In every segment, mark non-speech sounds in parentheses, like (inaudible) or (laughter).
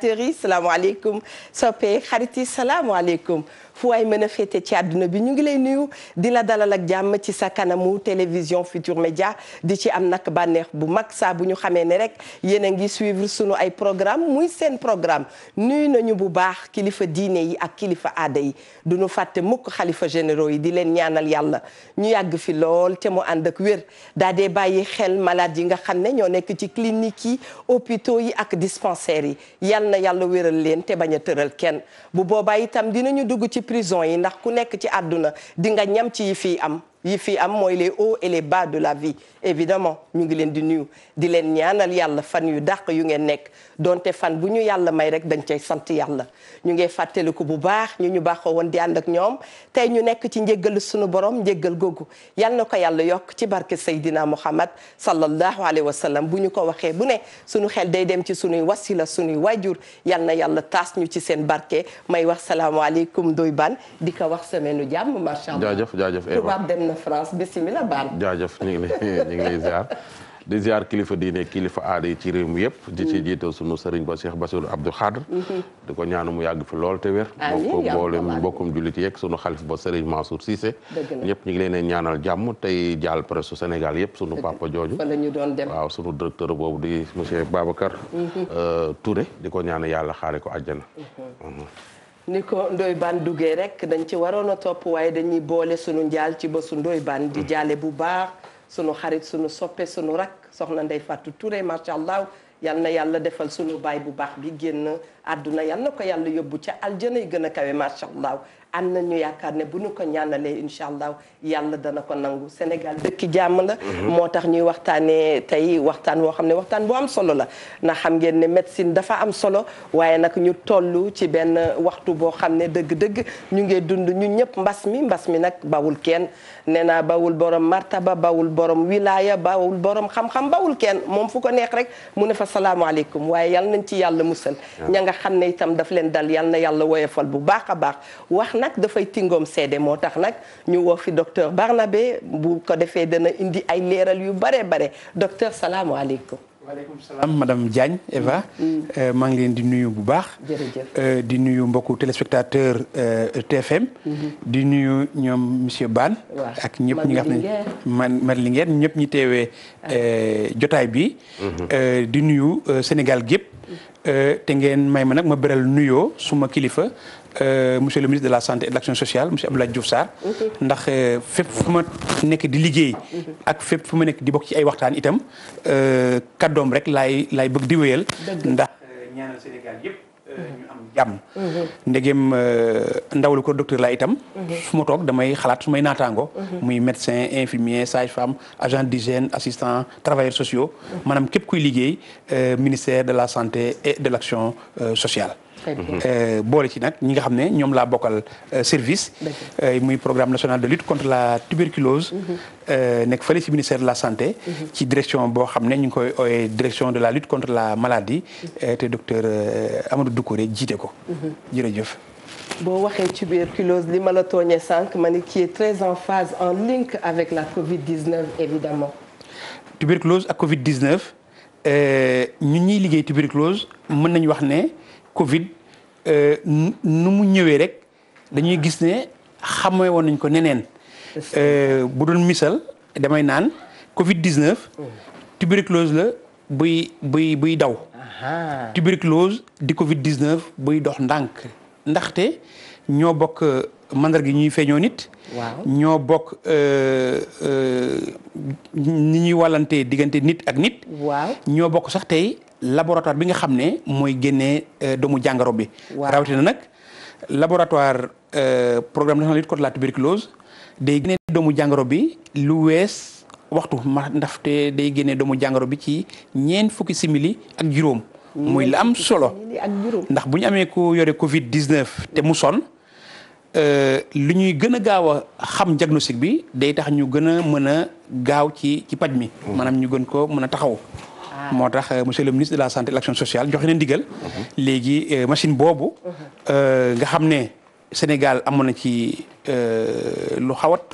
téléspectateurs yi salaamaaleykum soppe xarit yi salaamaaleykum fu waay mën a féete ci àdduna bi ñu ngi lay nuyu di la dalal ak jàmm ci sa kanamu télévision Futur Média di ci am nag bànneex bu mag saa bu ñu xamee ne rek yéen a ngi suivre sunu ay programme muy seen programme nuyu nañu bu baax kilifa diine yi ak kilifa aada yi du ñu fàtte mukk xalifa généraux yi di leen ñaanal yàlla ñu yàgg fi lool te mu ànd ak wér daa dee bàyyi xel malade yi nga xam ne ñoo nekk ci clinique yi hôpitaux yi ak dispensaires yi na yàlla wéral leen te bañ a tëral kenn bu boobaa itam dinañu dugg ci prison yi ndax ku nekk ci àdduna di nga ñam ci yi fii am yi fi am mooy les hauts et les bas de la vie évidemment ñu ngi leen di nuyu di leen ñaanal yàlla fan yu dàq yu ngeen nekk donte fan bu ñu yàlla may rek dañ cay sant yàlla ñu ngi fàttaliku bu baax ñu ñu baaxoo woon di ànd ak ñoom tey ñu nekk ci njéggal sunu borom njéggal googu yal na ko yàlla yokk ci barke Seydina Muhammad sallallahu alayhi wa sallam bu ñu ko waxee bu ne sunu xel day dem ci sunuy wasila sunuy waajur yal na yàlla taas ñu ci seen bark may wax salaamaaleykum doy ban di ko wax semaine u jàmm macha allah na France bisimilah baal. jaajëf ñu ngi lay ñu ngi kilifa diine kilifa aada yi ci réew mi yëpp. di ci jiital sunu sëriñ ba Cheikh Bassirou Abdou Khadre. di ko ñaanu mu yàgg fi lool te wér. amiin ko mboolem mbokkum jullit yeeg sunu xalif ba sëriñ Mansour Cissé. ñëpp ñu ngi leen ñaanal jàmm tey jaal presse Sénégal yëpp sunu papa jooju. waaw sunu directeur boobu di monsieur Babacar. Mhm. Euh, Touré di ko ñaanu yàlla xaare ko àjjana. Mhm. Mhm. ni ko Ndoye baan duggee rek dañ ci waroon a topp waaye dañuy boole sunu njaal ci bésu Ndoye baan di jaale bu baax sunu xarit sunu soppee sunu rak soxna Ndeye Fatou Touré macha allah yal na yàlla defal sunu baay bu baax bi génn àdduna yal na ko yàlla yóbbu ca aljana yi gën a kawe macha allah am ñu yaakaar ne bu ñu ko ñànnalee incha allah yàlla dana ko nangu Sénégal dëkki jàmm la. Mhm. moo tax ñuy waxtaanee tey waxtaan woo xam ne waxtaan bu am solo la ndax xam ngeen ne médecine dafa am solo waaye nag ñu toll ci benn waxtu boo xam ne dëgg-dëgg ñu ngi dund ñu ñëpp mbas mi mbas mi nag bawul kenn. nee naa bawul borom martaba bawul borom wilaya bawul borom xam-xam bawul kenn moom fu ko neex rek mu ne fa salaamaaleykum waaye yal nañ ci yàlla musal ña nga xam ne itam daf leen dal yal na yàlla woyofal bu baax a baax wax nag dafay tingoom seede moo tax nag ñu woo fi docteur Barnabé bu ko defee dana indi ay leeral yu bare bare salaamu salaamaaleykum waaleykum salaam madame Diagne Eva. Mm. Mm. Euh, maa ngi leen di nuyu bu baax. jërëjëf euh, di nuyu mbokku téléspectateur euh, TFM. Mm-hmm. di nuyu ñoom monsieur bann ak ñëpp ñi nga xam ne man man li ngeen ñëpp ñi teewee ah. jotaay bi. Mm-hmm. di nuyu Sénégal gépp mm. te ngeen may ma nag ma beral nuyoo suma kilifa. Euh, monsieur le ministre de la santé et de l'action sociale monsieur Abdoulaye Diouf mm-hmm. ndax euh, fépp fu ma nekk di liggéey. Mm-hmm. ak fépp fu ma nekk di bokk ci ay waxtaan itam euh, kaddoom rek laay laay bëgg di wéyal. ndax ñaanal Sénégal yëpp mm-hmm. jàmm. ndegem ndaw lu ko docteur laa itam. fu ma toog damay xalaat su may naataango. muy médecin infirmier sage femme agent d'hygiène assistant travailleurs sociaux. maanaam képp kuy liggéey ministère de la santé et de l'action sociale. Euh, boole ci nag ñi nga xam ne ñoom laa bokkal euh, service euh, muy programme national de lutte contre la tuberculose mm-hmm. nekk fële ci ministère de la santé mm-hmm. ci direction boo xam ne ñu ngi koy ooyee direction de la lutte contre la maladie mm-hmm. te docteur Amadou Doucouré jiite ko jërëjëf boo waxee tuberculose li ma la tooñee sànq ma ni qui est très en phase en link avec la Covid-19 évidemment tuberculose ak Covid-19 ñun ñuy liggéey tuberculose mën nañu wax ne Covid euh, nu mu ñëwee rek dañuy gis ne xamee woon nañ ko neneen. Euh, bu doon missal damay naan Covid 19. tuberculose la buy buy buy daw. tuberculose di Covid 19 buy dox ndànk ndaxte ñoo bokk euh, mandarga yi ñuy feeñoo nit. waaw ñoo bokk ni ñuy wàllantee diggante nit ak nit. waaw ñoo bokk sax tey laboratoire bi nga xam ne mooy génne euh, doomu jàngoro bi. waaw rawatina nag laboratoire euh, programme national lutte contre la tuberculose day génnee doomu jàngoro bi lu wees waxtu ma ndaxte day génnee doomu jàngoro bi ci ñeent fukki simili ak juróom. muy la am solo ndax bu ñu amee ko yore Covid 19 te mu sonn euh, lu ñuy gën a gaaw a xam diagnostic bi day tax ñu gën a mën a gaaw ci ci paj mi. Mm. maanaam ñu gën ko mën a taxaw. Ah. moo tax euh, monsieur le ministre de la santé et de l'action sociale joxe na ndigal. Mhm. léegi euh, machine boobu. Mhm. Euh, nga xam ne Sénégal amoon na ci lu xawat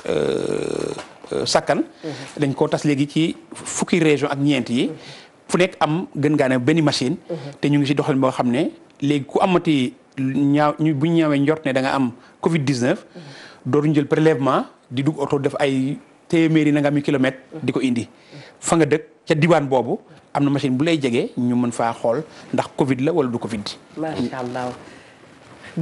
sakkan. Mhm. dañ koo tas léegi ci fukki région ak ñeent yi. fu nekk am gën ngaa ne benn machine. te ñu ngi si doxal boo xam ne léegi ku amati ñaaw ñu bu njort ne da nga am Covid 19. dootuñu jël prélèvement di dugg oto def ay téeméeri nangami kilomètres. di ko indi fa dëkk ca diwaan boobu. am na machine bu lay jege ñu mën faa xool ndax Covid la wala du Covid. macha allah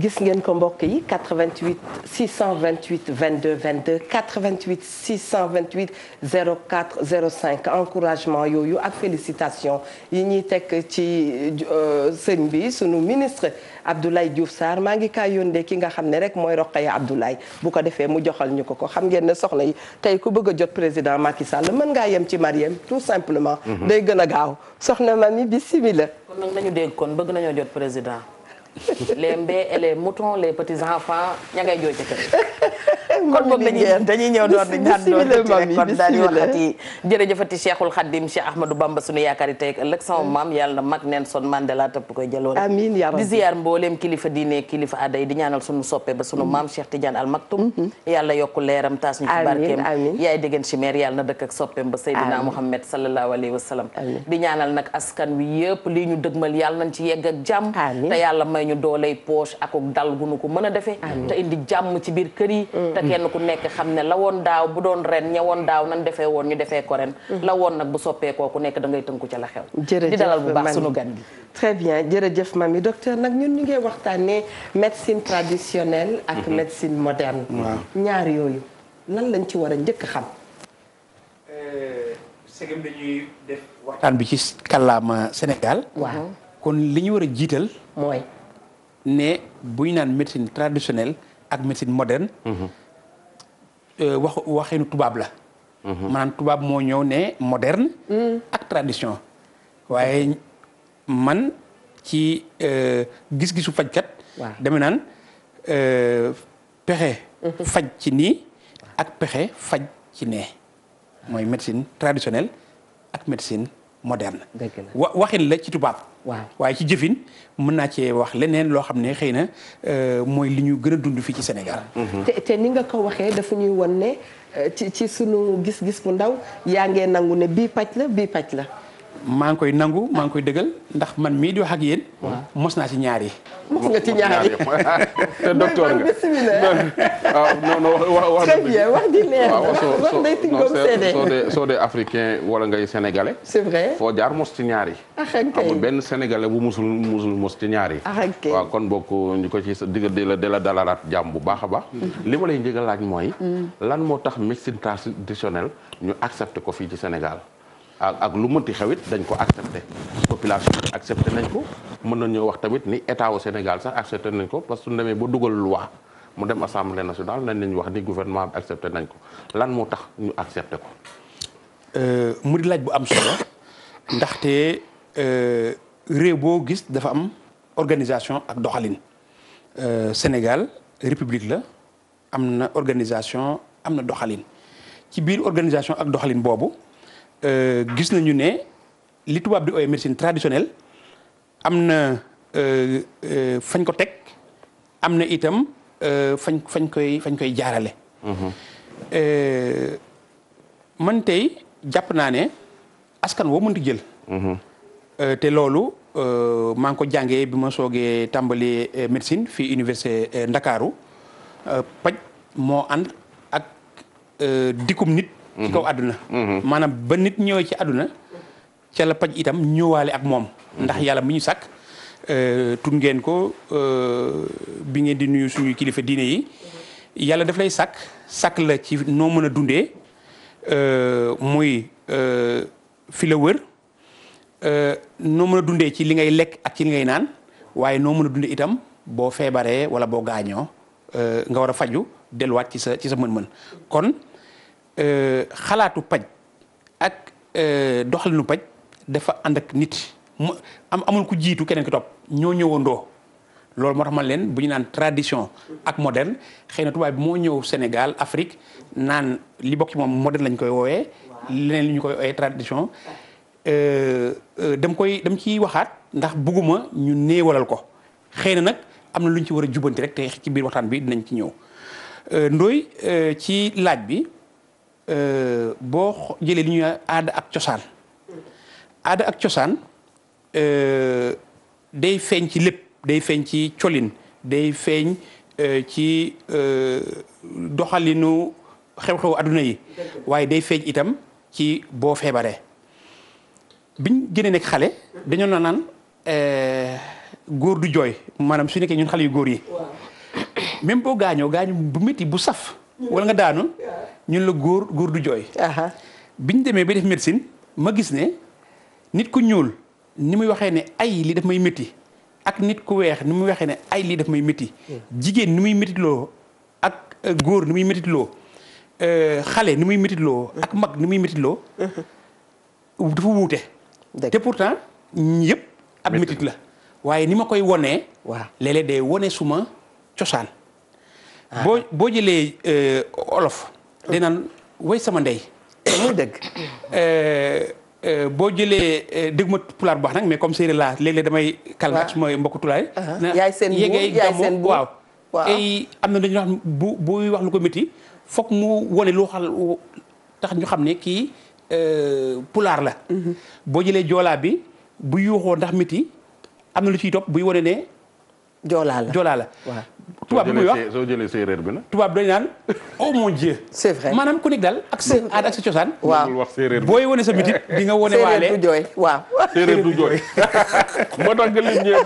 gis ngeen ko mbokk yi 88 628 22 22 88 628 04 05 encouragement yooyu ak félicitations yi ñuy tekk ci euh, sëñ bi sunu ministre. Abdoulaye Diouf saar maa ngi kaa yónnee ki nga xam ne rek mooy Rokhaya Abdoulaye bu ko defee mu joxal ñu ko ko xam ngeen ne soxna yi tey ku bëgg a jot président Macky Sall mën ngaa yem ci Mariem tout simplement. Mhm. day gën a gaaw soxna ma mi bisimilah. kon nag ñu dégg kon bëgg nañoo jot président. (laughs) les mbé et les moutons les petits enfants ña ngay jooy ca kër (laughs) kon boog dañuy dañuy ñëw doon di daan doon rek kon daal di waxati jërëjëfati Cheikhul Khadim yi tey ak ëllëg sama maam yàlla koy jëloon amiin yaa rabbi di ziyaar mbooleem kilifa diine kilifa di ñaanal sunu soppe ba sunu mm-hmm. maam Cheikh Tidiane Al Maktoum mm-hmm. yàlla yokku leeram taas ñu ci barkeem yaay déggeen chimère yàlla na dëkk ak soppeem ba Seydina Mouhamed sallallahu alayhi wa sallam di ñaanal nag askan wi yëpp lii ñu dëgmal yàlla nañ ci yegg ak jàmm te yàlla may may ñu dooley poche ak dal gu nu ko mën a defee te indi jàmm ci biir kër yi mm. te kenn ku nekk xam ne la woon daaw bu doon ren ña woon daaw nan defee woon ñu defee ko ren mm. la woon nag bu soppee kooku nekk da ngay tënku ca la xew di dalal bu baax sunu gan gi très bien jërëjëf mami docteur nag ñun ñu ngi waxtaanee médecine traditionnelle ak mm-hmm. médecine moderne ñaar yooyu lan lañ ci war a njëkk xam euh, segam dañuy def bi ci kàllaama Sénégal kon li ñu war a jiital mooy ne buy naan médecine traditionnelle ak médecine moderne. wax mhm. euh, waxeenu tubaab la. Mhm. maanaam tubaab moo ñëw ne moderne. Mm. ak tradition. waaye man ci euh, gis-gisu fajkat. waaw dama naan euh, pexe. Mhm. faj ci nii ak pexe faj ci nee mooy médecine traditionnelle ak médecine. moderne. wa waxin la ci tubaab. waaw waaye ci jëfin mun naa cee wax leneen loo xam ne xëy na euh, mooy li ñuy gën a dund fii ci Sénégal. Mm-hmm. te ni nga ko waxee dafa ñuy won ne euh, ci ci sunu gis-gis bu ndaw yaa ngee nangu ne bii paj la bii paj la. maa ngi koy nangu maa ngi koy dëggal ndax man mii di wax ak yéen. mos naa ci ñaar yi. mos nga ci ñaar soo dee africain wala ngay sénégalais. c'est foo jaar mos ci ñaar yi. Ah, amul benn sénégalais bu musul musul mos ci ñaari yi. Ah, waaw kon bokk ñu ko ci digg di la di la dalalaat jàmm bu baax a baax. Mm-hmm. li ma lay njëkk mooy. Mm. lan moo tax médecine traditionnelle ñu accepté ko fii ci Sénégal. ak ak lu mënti xewit dañ ko accepté population bi accepté nañ ko mën na nañu wax tamit ni état wu Sénégal sax accepté nañ ko parce que suñu demee ba dugal loi mu dem assemblée nationale nañ leen wax ni gouvernement bi accepté nañ ko lan moo tax ñu accepté ko. Euh, mu di laaj bu am solo ndaxte euh, réew boo gis dafa am organisation ak doxalin euh, Sénégal république la am na organisation am na doxalin ci biir organisation ak doxalin boobu. Euh, gis nañu ne li tubaab di ooyee médecine am na euh, euh, fañ ko teg am na itam fañ fañ koy fañ koy jaarale. Mhm. man tey jàpp naa ne askan wo mënti jël. Mhm. te loolu maa ngi ko jàngee bi ma soogee tàmbali médecine fii université Ndakaaru paj moo ànd ak dikkum nit. ci kaw àdduna maanaam ba nit ñëwee ci aduna ca la paj itam ñëwaale ak moom ndax yàlla mi ñu sàkk euh, tut ngeen ko euh, bi ngeen di nuyu suñu kilifa diine yi yàlla daf lay sakk sàkk la ci noo mën a dundee euh, muy filawër la wër noo mën a dundee ci li ngay lekk ak ci li ngay naan waaye noo mën a dundee itam boo feebaree wala boo gaañoo nga war a faju delluwaat ci sa ci sa mën-mën kon xalaatu paj ak e, doxalinu paj dafa ànd nit am amul ku jiitu keneen ki topp ñoo ñëwandoo loolu moo tax man leen bu ñu naan tradition ak moderne xëy na tubaab bi moo ñëw Sénégal Afrique naan li bokk moom moderne lañ koy woowee leneen li ñu koy woowee tradition e, e, dam koy dem ciy waxaat ndax bugguma ñu néewalal ko xëy na nag am na luñ ci war a jubanti rek te ci biir waxtaan bi dinañ ci ñëw ndooy ci laaj bi Euh, boo jëlee li ñuy aada ak cosaan aada ak cosaan euh, day feeñ ci lépp day feeñ ci colin day feeñ euh, ci doxalinu xew-xewu adduna yi waaye day feeñ itam ci boo feebaree biñ gën a nekk xale dañoo na naan góor du jooy maanaam su nekkee ñun xale yu góor yi même boo gaañoo gaañu bu métti bu saf wala nga daanu ñun la góor góor du jooy. biñ demee ba def médecine ma gis ne nit ku ñuul ni muy waxee ne ay li daf may métti ak nit ku weex ni muy waxee ne ay lii daf may métti. Hmm. jigéen ni muy méttiloo ak euh, góor ni muy méttiloo euh, xale ni muy méttiloo hmm. ak mag ni muy méttiloo hmm. dafa wuute. te pourtant yëpp ab métit la. waaye ni ma koy wonee. waaw léeg-léeg day wone suma cosaan. boo boo jëlee euh, olof. dinaan way sama ndey. muy dëgg. Eh, eh, boo jëlee eh, dégg ma pulaar bu baax nag mais comme séeréer laa léeg-léeg damay. waaw kàllaat su ma mbokku tulaay. Uh-huh. yaay seen bu yaay seen bu waaw. waaw ay am na lu ñuy wax bu buy wax lu ko métti foog mu wane loo xal tax ñu xam ne kii pulaar la. Mm-hmm. boo jëlee joolaa bi bu yuuxoo ndax métti am na lu ciy topp buy wane ne. joolaa la joolaa la waaw tubaab bi muy wax soo jëlee séeréer bi na tubaab lay naan oh mon dieu c'est vrai maanaam ku nekk daal ak sa aada ak sa cosaan bi booy wane sa bitit di nga wane waale séeréer jooy waaw séeréer du jooy (laughs) moo tax nga lim ñee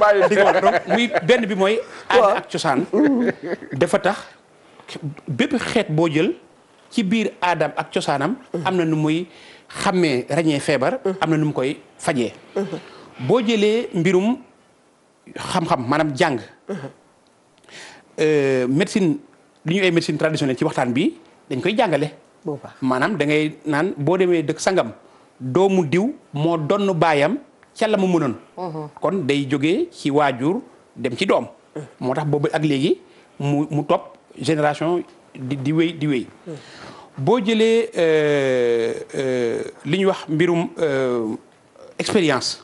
muy benn bi mooy aada ak cosaan dafa tax bépp xeet boo jël ci biir aadam ak cosaanam am na nu muy xàmmee ràññee feebar am na nu mu koy faje mm-hmm. boo jëlee mbirum xam-xam maanaam jàng. Uh-huh. Euh, médecine li ñu ay médecine traditionnelle ci waxtaan bi dañ koy jàngale. maanaam da ngay naan boo demee dëkk sangam doomu diw moo donn baayam ca mu mënoon. Uh-huh. kon day jógee ci waajur dem ci doom. Uh-huh. moo tax boobu ak léegi mu mu topp génération di di wéy di wéy. boo jëlee euh, euh, li ñuy wax mbirum expérience.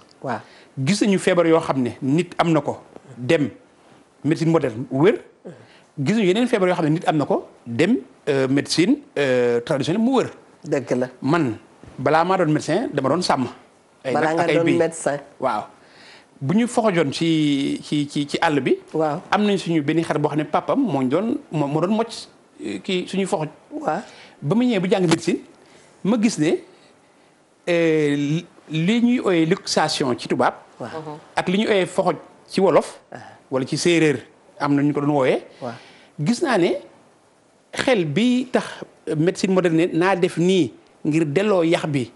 gis nañu feebar yoo xam ne nit am na ko dem médecine moderne wér yeneen feebar yoo xam ne nit am na ko dem euh, médecine euh, traditionnelle mu wër dëgg la man balaa maa doon médecin dama doon sàmm. ay balaa nga doon médecin waaw. bu ñu foxojoon ci ci ci ci àll bi. waaw am nañ suñu benn xar boo xam ne pàppam moo ñu doon moo doon mocc euh, kii suñu foxoj. ba mu ñëwee bu jàng médecine ma gis ne li ñuy ooyee luxation ci tubaab. waaw mhm. ak li ñu ooyee foxoj ci wolof. Ah. wala ci séeréer am na ñu ko doon wooyee. gis naa ne xel bi tax médecine moderne naa def nii ngir delloo yax bi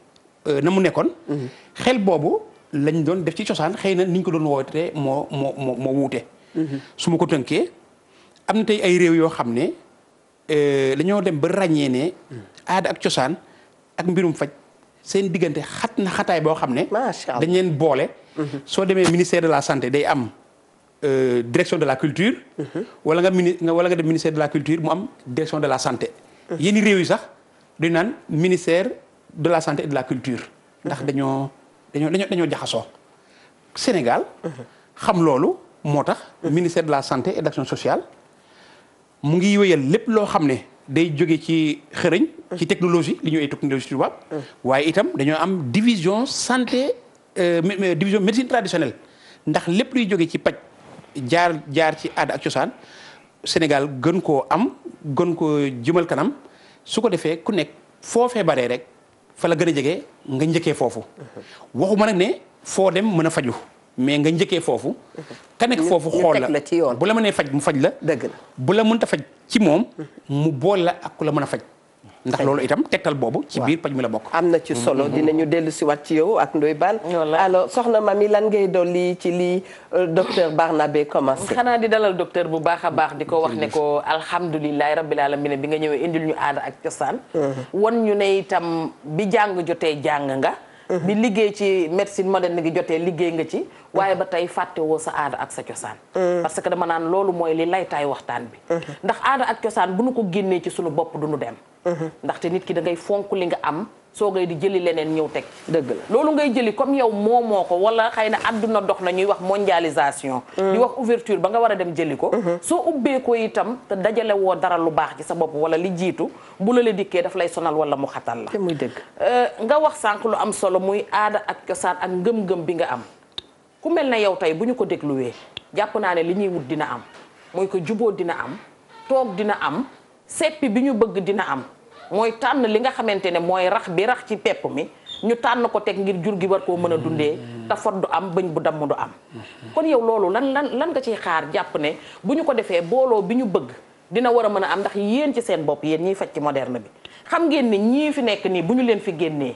euh, na mu nekkoon. Mhm. xel boobu lañ doon def ci cosaan xëy na ni ñu ko doon wootee moo moo moo moo wuute. Mhm. su ma ko tënkee am na tey ay réew yoo xam ne lañoo euh, dem ba ràññee ne. Mm. aada ak cosaan ak mbirum faj seen diggante xat na xataay boo xam ne. dañ leen boole. soo demee ministère de la santé day am euh, direction de la culture. wala nga mini wala nga dem ministère de la culture mu am direction de la santé. yenn réew yi sax dañu naan ministère de la santé et de la culture. ndax dañoo dañoo dañoo dañoo jaxasoo. Sénégal. xam loolu moo tax. ministère de la santé et de sociale mu ngi wéyal lépp loo xam ne day jóge ci xërëñ. ci technologie li ñuy ay technologie tubaab. Mm. waaye itam dañoo am division santé. Euh, division médecine traditionnelle ndax lépp luy jóge ci paj jaar jaar ci aada ak cosaan Sénégal gën koo am gën ko jëmal kanam su ko defee ku nekk foo feebaree rek fa la gën a jege nga njëkkee foofu waxuma nag ne foo dem mën a faju mais nga njëkkee foofu ka nekk foofu xool la bu la mënee faj mu faj la dëgg la bu la mënta faj ci moom mu boole la ak ku la mën a faj ndax loolu itam tegtal boobu ci biir paj mi la bokk am na ci solo mm-hmm. dinañu dellu siwaat ci yow ak Ndoye Bane alors soxna Mamy lan ngay dolli ci lii euh, docteur Barnabé commencé mm, xanaa di dalal docteur bu baax a baax di ko wax ne ko alhamdulilahi rabbil alamin bi nga ñëwee indil ñu aada ak cosaan mm-hmm. wan ñu ne itam bi jàng jotee jàng nga mm-hmm. bi liggéey ci médecine moderne gi jotee liggéey nga ci waaye ba tey fàttewoo sa aada ak sa cosaan parce que dama naan loolu mooy li laytaay waxtaan bi ndax aada ak cosaan bu nu ko génnee ci sunu bopp du dem ndaxte nit ki da ngay fonk li nga am soo ngay di jëli leneen ñëw teg dëgg loolu ngay jëli comme yow moomoo ko wala xëy na àdduna dox na ñuy wax mondialisation di mm. wax ouverture ba nga war a dem jëli ko mm-hmm. soo ubbee ko itam te dajale woo dara lu baax ci sa bopp wala li jiitu bu la la dikkee daf lay sonal wala mu xatal la te muy dëgg euh, nga wax sànq lu am solo muy aada ak cosaan ak ngëm-ngëm bi nga am ku mel na yow tey bu ñu ko dégluwee jàpp naa ne li ñuy wut dina am mooy ko juboo dina am toog dina am seppi bi ñu bëgg dina am mooy tànn li nga xamante ne mooy rax bi rax ci pepp mi ñu tànn ko teg ngir jur gi war koo mën a dundee te fot du am bëñ bu damm du am kon yow loolu lan lan lan nga ciy xaar jàpp ne bu ñu ko defee booloo bi ñu bëgg dina war a mën a am ndax yéen ci seen bopp yéen ñiy faj ci moderne bi xam ngeen ni ñii fi nekk nii bu ñu leen fi génnee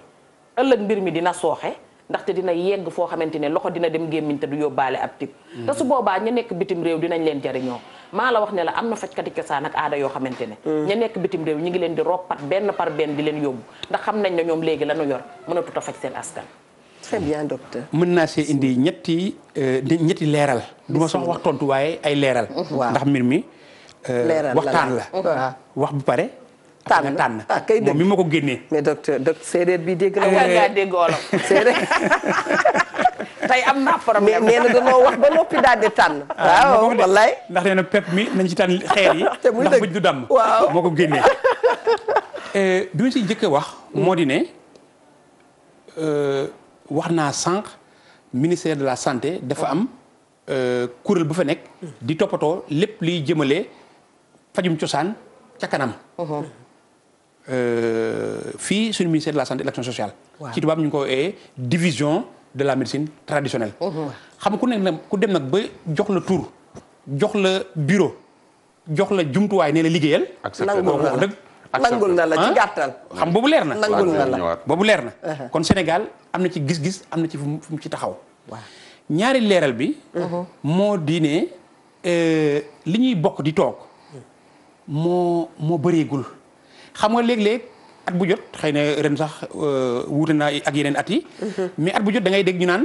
ëllëg mbir mi dina sooxee ndaxte dina yegg foo xamante ne loxo dina dem gémmiñ te du yóbbaale ab tib te su boobaa ñu nekk bitim réew dinañ leen jariñoo maa la wax ne am na fajkati cosaan ak aada yoo xamante ne mm. ña nekk bitim réew ñi ngi leen di roppat benn par benn di leen yóbbu ndax xam nañ ne ñoom léegi lañu yor mënatut a faj seen askan très bien docteur mën naa see indi ñetti euh, ñetti leeral du ma sax wax tontu waaye ay leeral mm-hmm. ndax mbir mi euh, waxtaan la mm-hmm. wax bu pare tànn tànn ah, kay dëgg moom mi ma ko génnee. mais bi dégg (laughs) (laughs) am na dañoo wax ba noppi daal di tànn. Ah, waaw wallaay ndax du damm. moo ko génnee. (laughs) Euh, bi ma si njëkk wax. Hmm. moo di ne euh, wax naa sànq ministère de la santé dafa am euh, kuréel bu fa nekk. Hmm. di toppatoo lépp liy jëmale fajum cosaan ca Euh, fii suñu ministère de la santé et de l'action sociale. ci tubaab ñu ngi ko division de la médecine traditionnelle. xam nga ku nekk nag ku dem nag ba jox la tur jox la bureau jox la jumtuwaay nee la liggéeyal. ak sa dëgg. nangul na la ci gàttal ah? xam boobu leer na nangul na boobu leer na uh-huh. kon Sénégal am na ci gis-gis am na ci fu fum ci taxaw ñaari leeral bi uh-huh. moo di ne euh, li ñuy bokk di toog hmm. moo moo bëreegul xam nga léeg-léeg at bu jot xëy na ren sax euh, na naa ak yeneen at yi. Mhm. mais at bu jot da ngay dégg ñu naan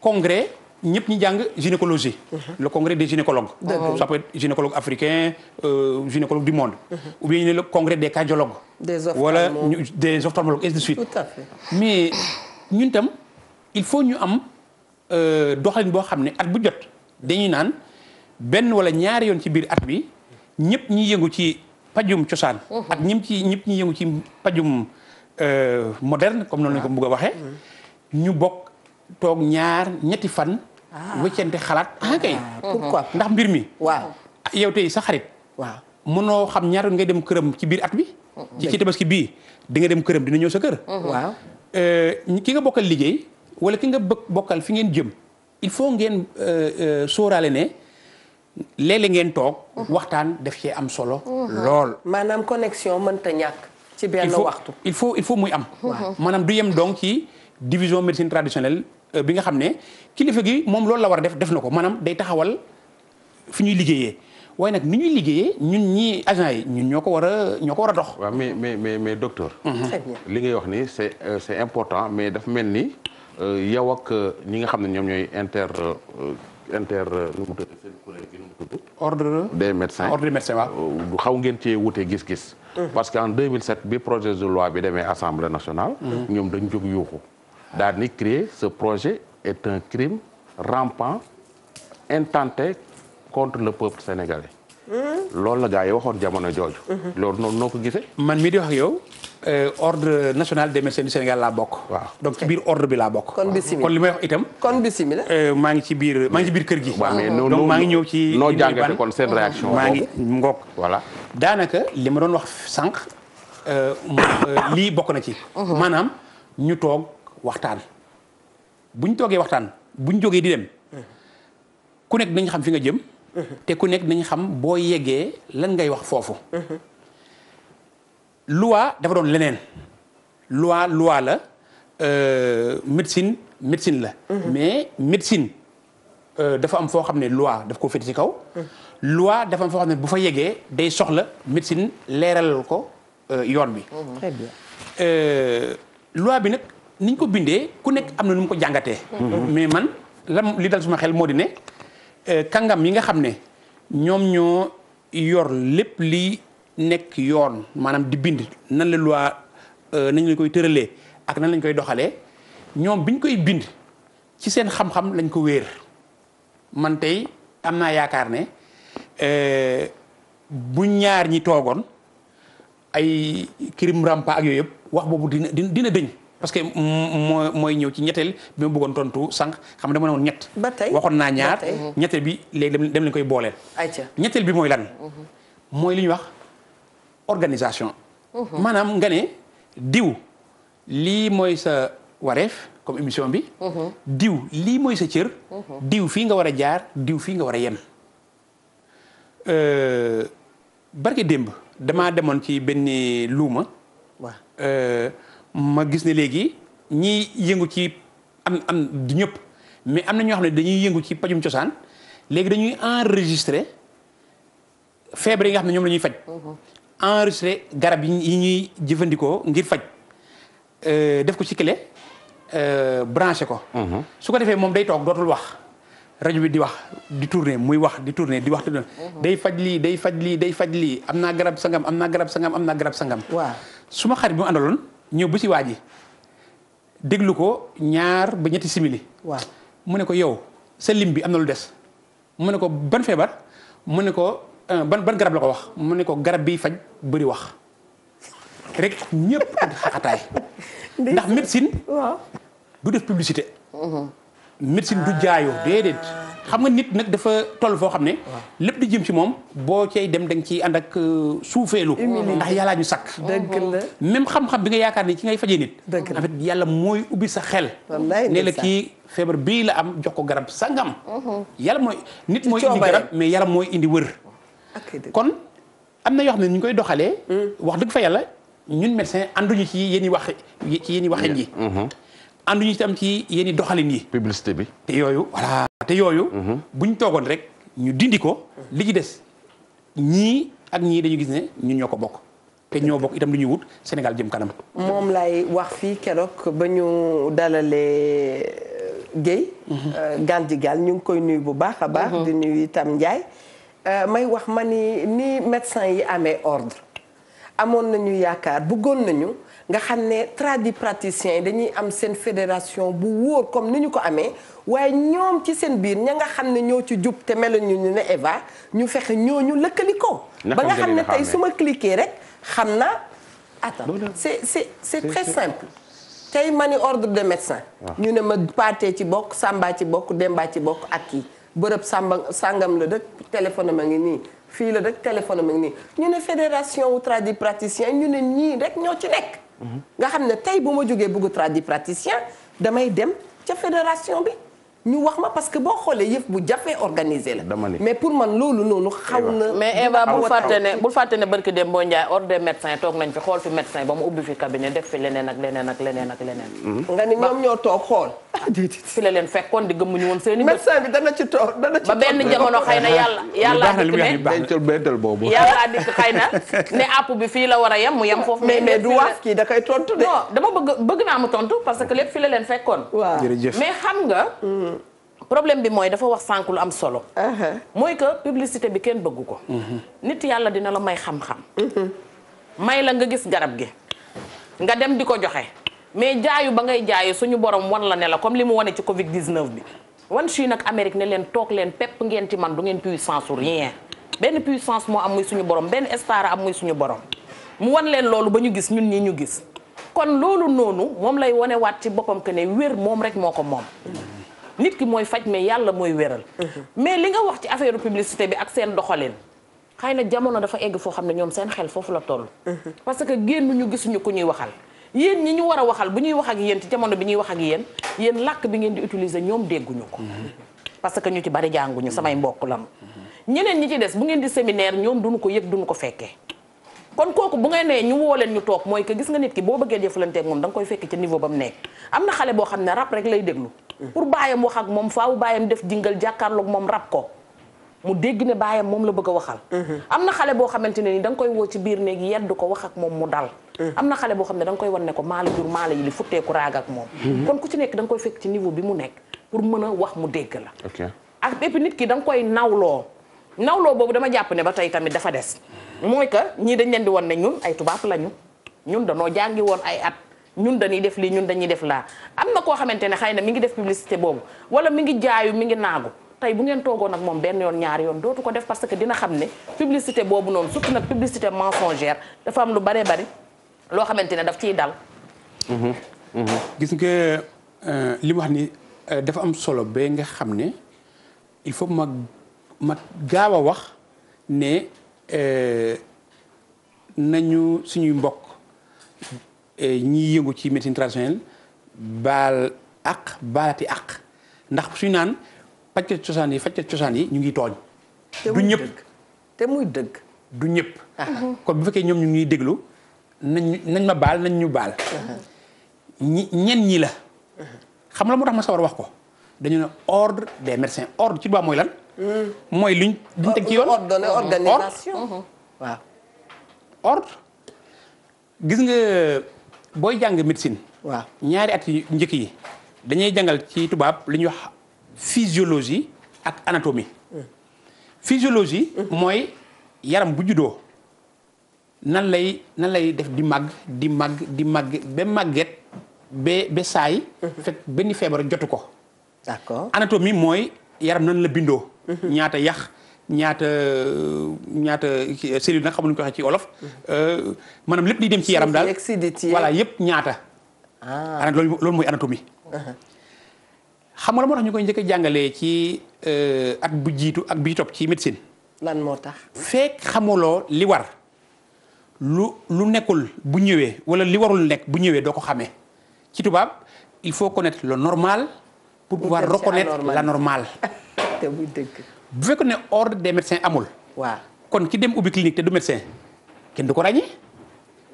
congrès ñëpp ñi jàng gynécologie. Mhm. le congrès des gynécologues. ça peut être gynécologue africain euh, gynécologue du monde. Mhm. ou bien des cardiologues. des ophtalmologues wala des ophtalmologues et de suite. mais ñun tam il faut ñu am euh, doxalin boo xam ne at bu jot dañuy naan benn wala ñaari yoon ci biir at bi ñëpp ñi yëngu ci. pajum cosaan ak ñim ci ñëpp ñi yëngu ci pajum euh, moderne comme noonu lañ ko bëgg a waxee mm-hmm. ñu bokk toog ñaar ñetti fan ah. wëccante xalaat ah kay ah. pourquoi ndax mbir mi waaw ah, yow tey sa xarit waaw mënoo xam ñaata ngay dem këram ci biir at bi ci ci tabaski bii di nga dem këram dina ñëw sa kër waaw euh, ki nga bokkal liggéey wala ki nga bokkal fi ngeen jëm il faut ngeen euh, sóoraale ne léeg ngeen toog. waxtaan def ce am solo. Mhm. lool maanaam connexion mënta ñàkk. ci benn waxtu il faut il faut muy am. maanaam du yem donc ci division médecine traditionnelle euh, bi nga xam ne kilifa gi moom loolu la war a def def na ko maanaam day taxawal fi ñuy liggéeye waaye nag ni ñuy liggéeyee ñun ñii agents yi ñun ñoo ko war a ñoo ko war a dox. mais mais mais mais docteur. Mhm. li ngay wax nii c'est euh, c'est important mais dafa mel ni euh, yow ak ñi nga xam ne ñoom ñooy inter. inter nu mu tudd seen kuréel gi nu mu tudd. ordre des médecins ordre des médecins waaw. Euh, xaw ngeen cee wute gis-gis. Mhm. parce que en 2007 bi de loi bi demee assemblée nationale. Mhm. ñoom dañ jóg yuuxu. daal ni créer ce projet est un crime rampant intenté contre le peuple sénégalais. Mhm. loolu la gars yi waxoon jamono jooju. loolu noonu noo ko gisee. man mii di wax yow. Euh, ordre national des médecins du Sénégal laa bokk. waaw donc ci biir ordre bi laa bokk. kon bisimilah kon li may wax itam. kon bisimilah. Euh, maa ngi ci biir maa ngi ci biir kër gi. waaw donc maa ngi ñëw ci. noo jàngate kon seen réaction. maa ngi ngoog. voilà daanaka li ma doon wax sànq euh, lii bokk na ci. Mhm. maanaam ñu toog waxtaan bu ñu toogee waxtaan bu ñu jógee di dem ku nekk dinañ xam fi nga jëm. Mhm. te ku nekk dinañ xam boo yeggee lan ngay wax foofu. Mhm. loi dafa doon leneen loi luwaa la euh, médecine médecine la mhm. mais médecine euh, dafa am foo xam ne loi daf ko féete ci kaw mhm. loi dafa am foo xam ne bu fa yegee day soxla médecine leeralal ko euh, yoon bi mhm. très bi nag niñ ko bindee ku nekk am na nu mu ko jàngatee mais man lan li dal suma xel moo di ne kàngam yi nga xam ne ñoom ñoo yor lépp li nekk yoon maanaam di bind nan la loi euh, nañ la koy tëralee ak nan lañ koy doxalee ñoom biñ koy bind ci seen xam-xam lañ ko wéer man tey am naa yaakaar ne euh, bu ñaar ñi toogoon ay crime rampa ak yooyu yëpp wax boobu dina dina dëñ parce que moo mooy ñëw ci ñetteel bi ma bëggoon tontu sànq xam dama ne woon ñett. ba waxoon naa ñaar ñetteel bi léegi dem lañ koy booleel. ñetteel bi mooy lan. Mhm. mooy li wax. organisation. maanaam nga ne diw lii mooy sa wareef comme émission bi. diw lii mooy sa cër. diw fii nga war a jaar diw fii nga war a yem. Euh, barke démb damaa mmh. demoon ci benn luuma. waaw euh, ma gis ne léegi ñiy yëngu ci am am du ñëpp mais am na ñoo xam ne dañuy yëngu ci pajum cosaan léegi dañuy enregistré feebar yi nga xam ne ñoom lañuy ñuy faj. Mmh. enregistré garab yi ñuy jëfandikoo ngir faj euh, def ko ci clé euh, brancher ko. Mhm. su ko defee moom day toog dootul wax rajo bi di wax di tourner muy wax di tourner di wax. Mhm. day faj lii day faj lii day faj lii am na garab sangam am na garab sangam am na garab sangam. waa su ma xarit bi mu àndaloon ñëw bu si waa yi déglu ko ñaar ba ñetti simili. waaw mu ne ko yow sa lim bi am na lu des mu ne ko ban feebar mu ne ko. Euh, ban ban garab la ko wax mu ne ko garab bi faj bëri wax rek ñëpp ak xaqataay ndax médecine du def publicité mhm. médecine du jaayoo ah. déedéet xam nga nit nag dafa toll foo xam ne lépp di jëm ci moom boo cay dem da ciy ànd ak euh, suufeelu ndax yàllaa ñu sakk oh. même xam-xam bi nga yaakaar ni ci ngay fajee nit en fait yàlla mooy ubbi sa xel ne la feebar bii la am jox ko garab sangam mhm. yàlla mooy nit mooy indi garab mais yàlla mooy indi wër kon am na yoo xam ne ñu koy doxalee. Hmm. wax dëgg fa yàlla ñun médecin ànduñu ci yéen i wax ci yéen i waxin yi. Hmm. ànduñu ci tam ci yéen i doxalin yi. publicité bi. te yooyu voilà te yooyu. Hmm. buñ toogoon rek ñu dindi ko. li ci des ñii ak ñii dañu gis ne ñu ñoo ko bokk. te ñoo bokk itam lu ñuy wut Sénégal jëm kanam. moom lay wax fii keroog ba ñu dalalee euh, Guèye. Euh, Gandigal ñu ngi koy nuyu bu baax a baax. di nuyu itam Ndiaye. Euh, may wax ma ni ni médecin yi amee ordre amoon nañu yaakaar bëggoon nañu nga xam ne tradipraticiens yi dañuy am seen fédération bu wóor comme ni ñu ko amee waaye ñoom ci seen biir ña nga xam ne ñoo ci jub te meluñu ñu ne Eva ñu fexe ñooñu lëkkali ko ba nga xam ne tey su ma cliquer rek xam na attends c'est c'est tey ma ni ordre de médecin ñu ne ma paatee ci bokk sàmba ci bokk Demba ci bokk ak yi bërëb sàmba sàngam la dëkk téléphone ma ngi nii fii la dëkk téléphone ma ngi nii ñu ne fédération wu tradipraticien ñu ne nii rek ñoo ci nekk mhm. nga xam ne tey bu ma jógee bëgg tradipraticien damay dem ca fédération bi ñu wax ma parce que boo xoolee yëf bu jafee organisé la. mais pour man loolu noonu xaw na. mais Eva bul fàtte ne bul fàtte ne barki dem boo toog nañ fi xool fi médecin ba mu ubbi woon seen i. dana ci toog ba benn jamono xëy yàlla. (laughs) yàlla a dikk ne yàlla bi fii la war a yem mu yem foofu. mais du wax kii da tontu de. dama bëgg naa mu tontu parce que lépp fi fekkoon. mais xam nga mm. problème bi mooy dafa wax sànq lu am solo. Uh-huh. mooy que publicité bi kenn bëggu ko. Mm-hmm. nit yàlla dina la may xam-xam. Mm-hmm. may la nga gis garab gi nga dem di ko joxe mais jaayu ba ngay jaayu suñu borom wan la ne la comme li mu wane ci Covid 19 bi. wan Chine ak Amérique ne leen toog leen pepp ngeen man du ngeen puissance rien benn puissance moo am muy suñu borom benn star am muy suñu borom mu wan leen loolu ba ñu gis ñun ñi ñu gis kon loolu noonu moom lay wane wanewaat ci boppam que ne wér moom rek moo ko moom. nit ki mooy faj ma yàlla mooy wéral mhm. mais li nga wax ci affaire publicité bi ak seen doxalin xëy na jamono dafa egg foo xam ne ñoom seen xel foofu la toll. Mhm. parce que génn ñu gisuñu ko ñuy waxal. yéen ñi ñu war a waxal bu ñuy wax ak yéen ci jamono bi ñuy wax ak yéen yéen làkk bi ngeen di utiliser ñoom dégguñu ko. Mhm. parce que ñu ci bari jànguñu samay mbokk lan. ñeneen ñi ci des bu ngeen di séminaire ñoom duñu ko yëg duñu ko fekkee. kon kooku bu ngay nee ñu ñu toog mooy que gis nga boo bëggee jëflanteeg moom koy fekk ci niveau mu nekk am na xale boo xam ne rap rek lay déglu. pour baayam wax ak moom faaw baayam def dingal jàkkaarloog moom rab ko mu dégg ne baayam moom la bëgg a waxal am na xale boo xamante ne ni da nga koy woo ci biir néeg yedd ko wax ak moom mu dal am na xale boo xam ne da koy wan ne ko maala jur maala yi li futteeku raag ak moom kon ku ci nekk da koy fekk ci niveau bi mu nekk pour mën a wax mu dégg la ak et nit ki danga koy nawloo nawloo boobu dama jàpp ne ba tey tamit dafa des mooy que ñii dañ leen di wan ne ñun ay tubaab lañu ñun danoo jàngi woon ay at ñun dañuy def lii ñun dañuy def laa am na koo xamante ne xëy na mu ngi def publicité boobu wala mi ngi jaayu mi ngi naagu tey bu ngeen toogoon ak moom benn yoon ñaari yoon dootu ko def parce que dina xam ne publicité boobu noonu surtout nag publicité mensongère dafa am lu bare bari loo xamante ne daf ciy dal. Mhm, mhm. gis nga euh, li ni euh, dafa am solo ba nga xam ne il faut ma ma gaaw a wax ne euh, nañu suñuy mbokk Eh, ñiy yëngu ci médecine traditionnelle baal àq baalati àq ndax suñu naan fajkat cosaan yi fajkat cosaan yi ñu ngi tooñ. du ñëpp te muy dëgg. du ñëpp. Ah, ah. Mm-hmm. kon bu fekkee ñoom ñu ngi déglu nañ nañ ma baal nañ ñu baal. Mm-hmm. ñi ñen ñi la. Mm-hmm. xam la moo tax ma sawar wax ko dañu ne ordre des médecins ordre ci tubaab mooy lan. Mm. mooy luñ luñ teg ci yoon ordre organisation waaw ordre gis nga. booy jàng médecine. waaw ñaari at njëkk yi dañuy jàngal ci tubaab li ñuy wax physiologie ak anatomie. physiologie. mooy yaram bu juddoo nan lay nan lay def di màgg di màgg di màgg ba màgget ba saay. fekk benn feebar jotu ko. d'accord anatomie mooy yaram nan la bindoo. Mhm. ñaata yax ñaata ñaata euh, cellule nag xamuñu ko waxee ci olof. Euh, maanaam lépp liy dem ci yaram daal voilà yëpp ñaata. ah loolu mooy anatomie. Uh-huh. xam nga la moo tax ñu koy njëkk jàngalee ci euh, at bu jiitu ak bi ci médecine. lan moo tax. fekk xamuloo li war lu lu nekkul bu ñëwee wala li warul nekk bu ñëwee doo ko xamee ci tubaab il faut connaître le normal. pour pouvoir reconnaître la normale. (laughs) te muy dëgg. bu fekk ne ordre des médecins amul. waaw kon ki dem ubbi clinique te du médecin kenn du ko ràññee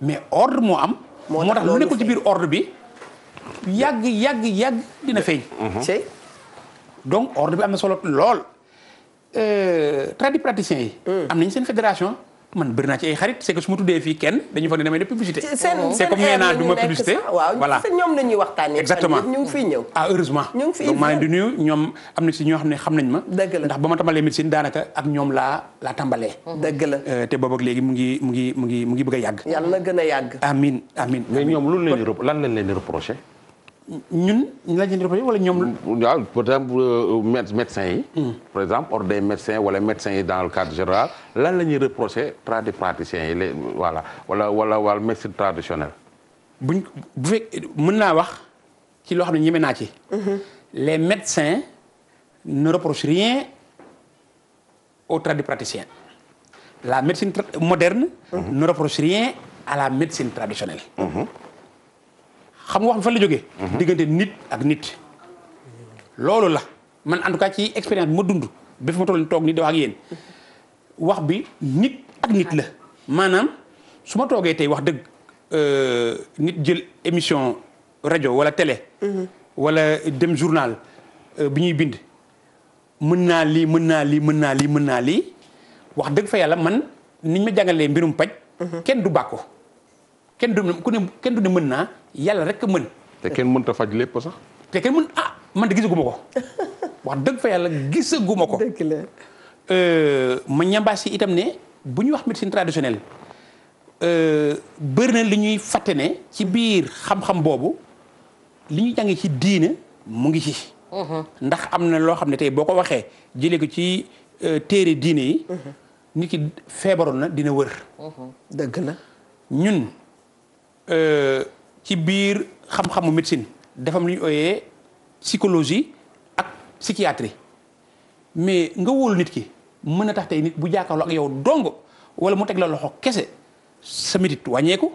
mais ordre moo am. moo tax lu nekkul ci biir ordre bi yàgg yàgg yàgg dina feeñ. Mhm. donc ordre bi am na solo lool euh, tradipraticiens yi. Mm. am nañ seen fédération. man bëri naa ci ay xarit c'est que su tuddee fii kenn dañu foog ne damay def publicité. c'est oh. comme nee naa publicité voilà ñoom la ñuy waxtaanee. exactement ñu ah, ñoom am na si ñoo xam ne xam nañ ma. dëgg la ndax ba ma tàmbalee médecine daanaka ak ñoom laa laa tàmbalee. Mm-hmm. dëgg la euh, te boobu léegi mu ngi mu ngi mu ngi mu ngi bëgg yàgg. yàlla na gën a yàgg. amiin amiin mais ñoom loolu lañ leen di lan lañ leen di reproché ñun la ñu leen wala ñoom. waaw peut-être médecins yi. Hmm. par exemple or des médecins wala médecins yi dans le cadre général lan la ñuy reprocher tradipraticiens yi les voilà wala wala wala médecine traditionnelle. buñ bu fekk mën naa wax ci loo xam ne ñeme naa ci. Mhm. les médecins ne reprochent rien aux tradipraticiens. la médecine moderne. Mhm. ne rien à la médecine traditionnelle. Mhm. xam nga wax fan la jógee. diggante nit ak nit. loolu la man en tout cas ci expérience bi ma dund ba fi ma toll toog nii di wax ak yéen wax bi nit ak nit la maanaam su ma toogee tey wax dëgg euh, nit jël émission rajo wala télé. wala dem journal euh, bi ñuy bind. mën naa lii mën naa lii mën naa lii mën naa lii wax dëgg fa yàlla man niñ ma jàngalee mbirum paj kenn du bàkko kenn du ku ne kenn du ne mën naa yàlla rek mën. te kenn mënut faj lépp sax. te kenn mën ah man de gisaguma ko (laughs) wax dëgg fa yàlla gisaguma ko. dëgg la. Euh, ma ñambaas yi itam ne bu ñu wax médecine traditionnelle euh, bëri na li ñuy fàtte ne ci biir xam-xam boobu li ñu jàng ci diine mu ngi ci. Mhm. ndax am na loo xam ne tey boo ko waxee jëlee ko ci euh, téere diine yi. Mhm. nit ki feebaroon na dina wër. Mhm. dëgg la ñun. Euh, ci biir xam-xamu médecine defam lu ñu ak psychiatrie mais nga wóolu nit ki mën a tax tey nit bu jàkkaarloo ak yow dong wala mu teg la loxo kese sa métit wàññeeku.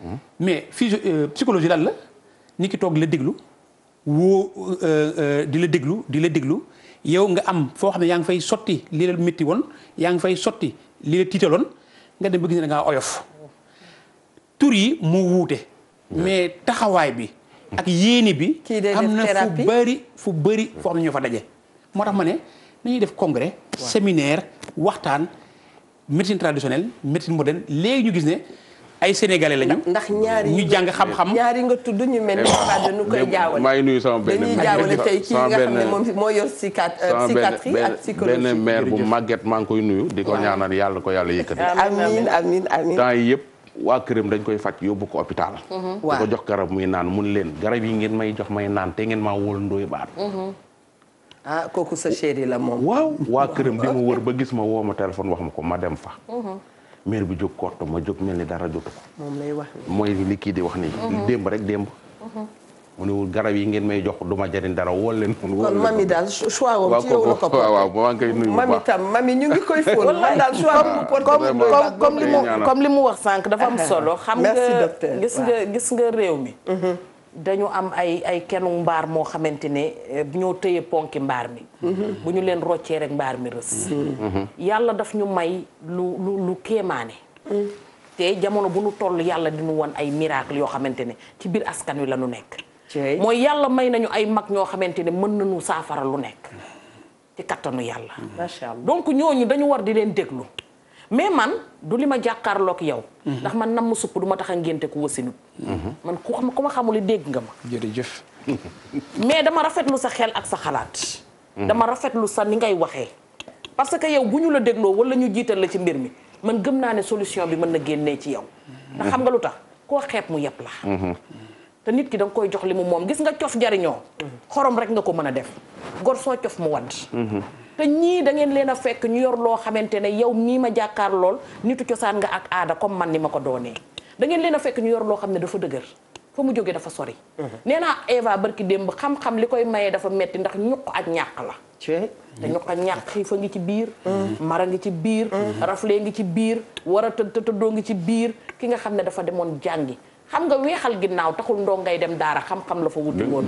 Hmm. mais physio euh, psychologie lan la nit ki toog di la déglu woo euh, di la déglu di la déglu yow nga am foo xam ne yaa ngi fay sotti lii la métti woon yaa ngi fay sotti lii la tiitaloon nga dem ba gis ngaa oyof. tur yi moo wuute. mais taxawaay bi. ak yéene bi. am na fu bëri fu bëri fu am ñu fa daje. moo tax ma ne nañuy def congrès. séminaire waxtaan médecine traditionnelle médecine moderne léegi ñu gis ne. ay sénégalais lañu. ndax ñaari ñu jàng xam-xam. ñaari nga tudd ñu mel ne nu koy jaawale. maa ngi nuyu sama benn moo yor euh, psychiatrie ak maire bu màgget maa ngi koy nuyu. di ko ñaanal yàlla ko yàlla yëkkati. amiin amiin amiin temps yii waa këram dañ koy faj yóbbu ko hôpital mhm. di ko jox garab muy naan mun leen garab yi ngeen may jox may naan te ngeen maa wóol ndooy baat mhm. ah, kooku sa chéri la moom waaw waa (laughs) këram di ma wër ba gis ma woo ma téléphone wax ma ko ma dem fa mère mhm. bi jóg kott ma jóg mel ni dara jotu ko moom lay wax mooy li kii wax nii démb rek démb mu ne yi ngeen may jox du ma jariñ dara wóol leen. kon mami daal choix wam ci yow la ko mami tam mami ñu ngi koy fóon (laughs) man daal choix li mu wax sànq dafa am (laughs) solo. xam nga gis nga réew mi. Mhm. dañu am ay ay kenu mbaar moo xamante ne eh, ñoo tëye ponki mbaar mi mhm. bu ñu leen roccee rek mbaar mi rës mhm. yàlla daf ñu may lu lu lu kéemaane te jamono bu ñu toll yàlla di ñu won ay miracle yoo xamante ne ci biir askan wi la ñu nekk mooy yàlla may nañu ay mag ñoo xamante ne mën nañu saafara lu nekk ci kattanu yàlla macha allah donc ñooñu dañu war di leen déglu mais man du li ma jàkkaarloog yow mhm. ndax man nam ma supp du ma tax a ngénte ku wasinut mhm. man ku xam ku ma xamul dégg nga ma jërëjëf (laughs) mais dama rafet rafetlu sa xel ak sa xalaat mhm. dama rafetlu sa ni ngay waxee parce que yow bu ñu la dégloo wala ñu jiital la ci mbir mi man gëm naa ne solution bi mën na génnee ci yow ndax xam nga lu tax koo xeeb mu yëpp la te nit ki danga koy jox li mu moom gis nga cof jariñoo mm-hmm. xorom rek nga ko mën a def gor soo cof mu wadd mm-hmm. te ñii da ngeen leen a fekk ñu yor loo xamante ne yow mii ma jàkkaar lool nitu cosaan nga ak aada comme man ni ma ko doonee da ngeen leen a fekk ñu yor loo xam ne dafa dëgër fa mu jógee dafa sori mm-hmm. nee naa Eva barki démb xam-xam li koy mayee dafa metti ndax ñuq ak ñàq la te ñuq ak ñàq xiifa ngi ci biir mar a ngi ci biir raflee ngi ci biir war a tëdd tëddoo ci biir ki nga xam ne dafa demoon jàngi xam nga weexal ginnaaw taxul ndongay dem daara xam-xam la fa wuti woon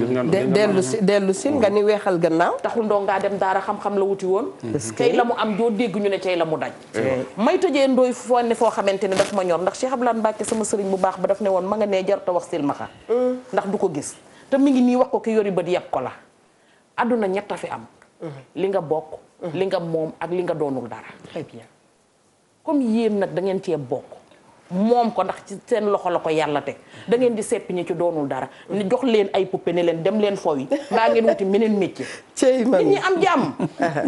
dellu si dellu si nga ni weexal ginnaaw taxul ndongaa dem daara xam-xam la wuti woon mm-hmm. tey la mu am joo dégg ñu ne tey la mu daj eh. Eh. may tëjee ndooy foo ne foo xamante ne daf ma ñor ndax Cheikh Abdoulaye Mbacke sama sëriñ bu baax ba daf ne woon ma nga nee jar jarta wax silmaxa mm. ndax du ko gis te mi ngi nii wax ko ki yori bët yeb ko la àdduna ñett a fi am mm-hmm. li nga bokk mm-hmm. li nga moom ak li nga doonul dara très bien nag da ngeen cee bokk moom ko ndax ci seen loxo la ko yàlla teg dangeen di seppi ñi ci doonul dara ni jox leen ay poupée ne leen dem leen fooy mbaa ngeen wuti meneen métier ci nit ñi am jàmm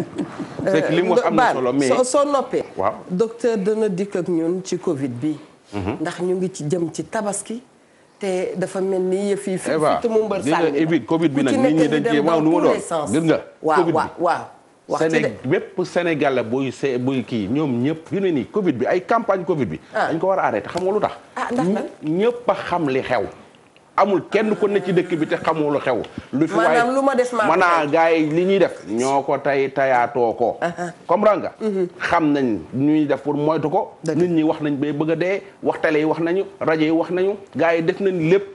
(laughs) c'est li mu wax am na solo soo noppee waaw docteur dana dikk ak ñun ci covid bi mhm. ndax ñu ngi ci jëm ci tabaski te dafa mel ni yëf yi eh fi mu mbër sànni covid bi nag nit ñi dañ ci waaw nu mu doon gën waaw waaw wax ci de bépp Sénégalais buy see buy kii ñoom ñëpp fi ne nii Covid bi ay campagne Covid bi. Ah. dañ ko war a arrêté xam nga lu tax. ah ñëpp xam li xew. amul kenn ku ne ci dëkk bi te xamoo lu xew. lu fi waay maanaam lu ma des maa maanaam gars yi li ñuy def. ñoo ko tay tayaatoo ko. Ah, ah. comprendre nga. Mhm. xam nañ ñuy def pour moytu ko. nit ñi wax nañ bay bëgg a dee waxtale yi wax nañu rajo yi wax nañu. gars yi def nañ lépp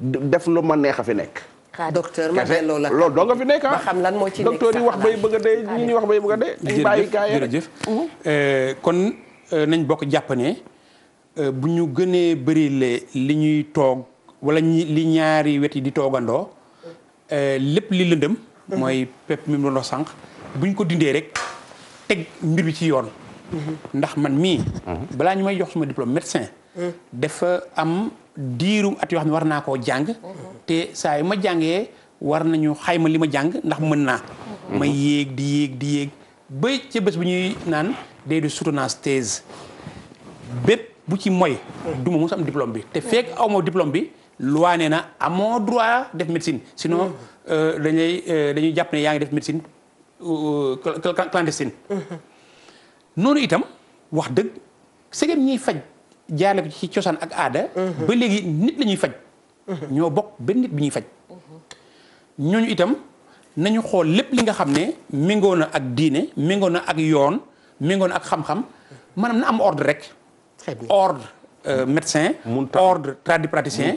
def lu ma neex a fi nekk. docteur ma delloo la loolu doo nga fi nekk ah. xam yi bëgg a ñi ñuy wax bay bëgg a dee. bàyyi gaa yi mhm. eh, kon eh, nañ bokk jàpp ne eh, bu ñu gënee bëri le li ñuy toog wala ñi li ñaari wet yi di toogandoo lépp li lëndëm. Mhm. mooy pepp mi mu doon sànq ko dindee rek teg mbir bi ci yoon. Mhm. ndax man mii. balaa ñu may jox suma diplôme médecin. dafa am diirum at yoo xam ne war naa koo jàng te saa yu ma jàngee war nañu xayma li ma jàng ndax mën naa ma yéeg di yéeg di yéeg ba ca bi ñuy naan day di soutenance thèse bépp bu ci moy du ma mos am diplôme bi te fekk aw ma diplôme bi loi nee na amoo droit def médecine sinon euh, dañuy euh, dañuy jàpp ne yaa ngi def médecine euh, clandestine mmh. noonu itam wax dëgg segem ñiy faj jaarale ko ci cosaan ak aada. Mhm. ba léegi nit la faj. Mhm. ñoo bokk benn nit bi ñuy faj. Mhm. ñooñu itam nañu xool lépp li nga xam ne méngoo na ak diine méngoo na ak yoon méngoo ak xam-xam maanaam na am ordre rek. ordre euh, médecin. ordre tradipraticien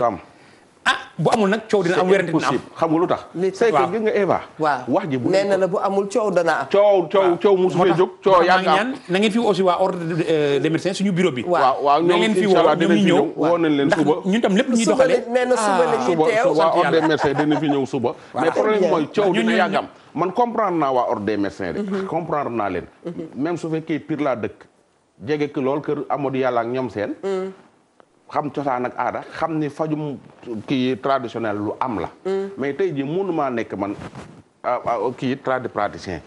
bu amul nag coow dina am wérante dina am xam nga lu tax. c'est que gis nga Eva. waaw wax ji bu nee na la bu amul coow dana am. coow coow coow musu fee jóg coow yaa ngi ñaan na ngeen fi aussi waa ordre euh, des médecins suñu bureau bi. waaw waaw ñoom incha allah dinañ fi ñëw woo nañ leen suba ndax ñun tam lépp lu ñuy doxalee. nee na suba la ñuy teew waa ordre des médecins dina fi ñëw suba. (laughs) mais problème mooy coow dina yàgg am man comprendre naa waa ordre des médecins de. Mhm. comprendre naa leen. Mhm. même su fekkee pire laa dëkk jege ki lool kër Amadou yàlla ak ñoom seen mhm. xam cosaan ak aada xam ni fajum kii traditionnel lu am la. Mm. mais tey jii mënumaa nekk man ah, ah, kii tradipraticien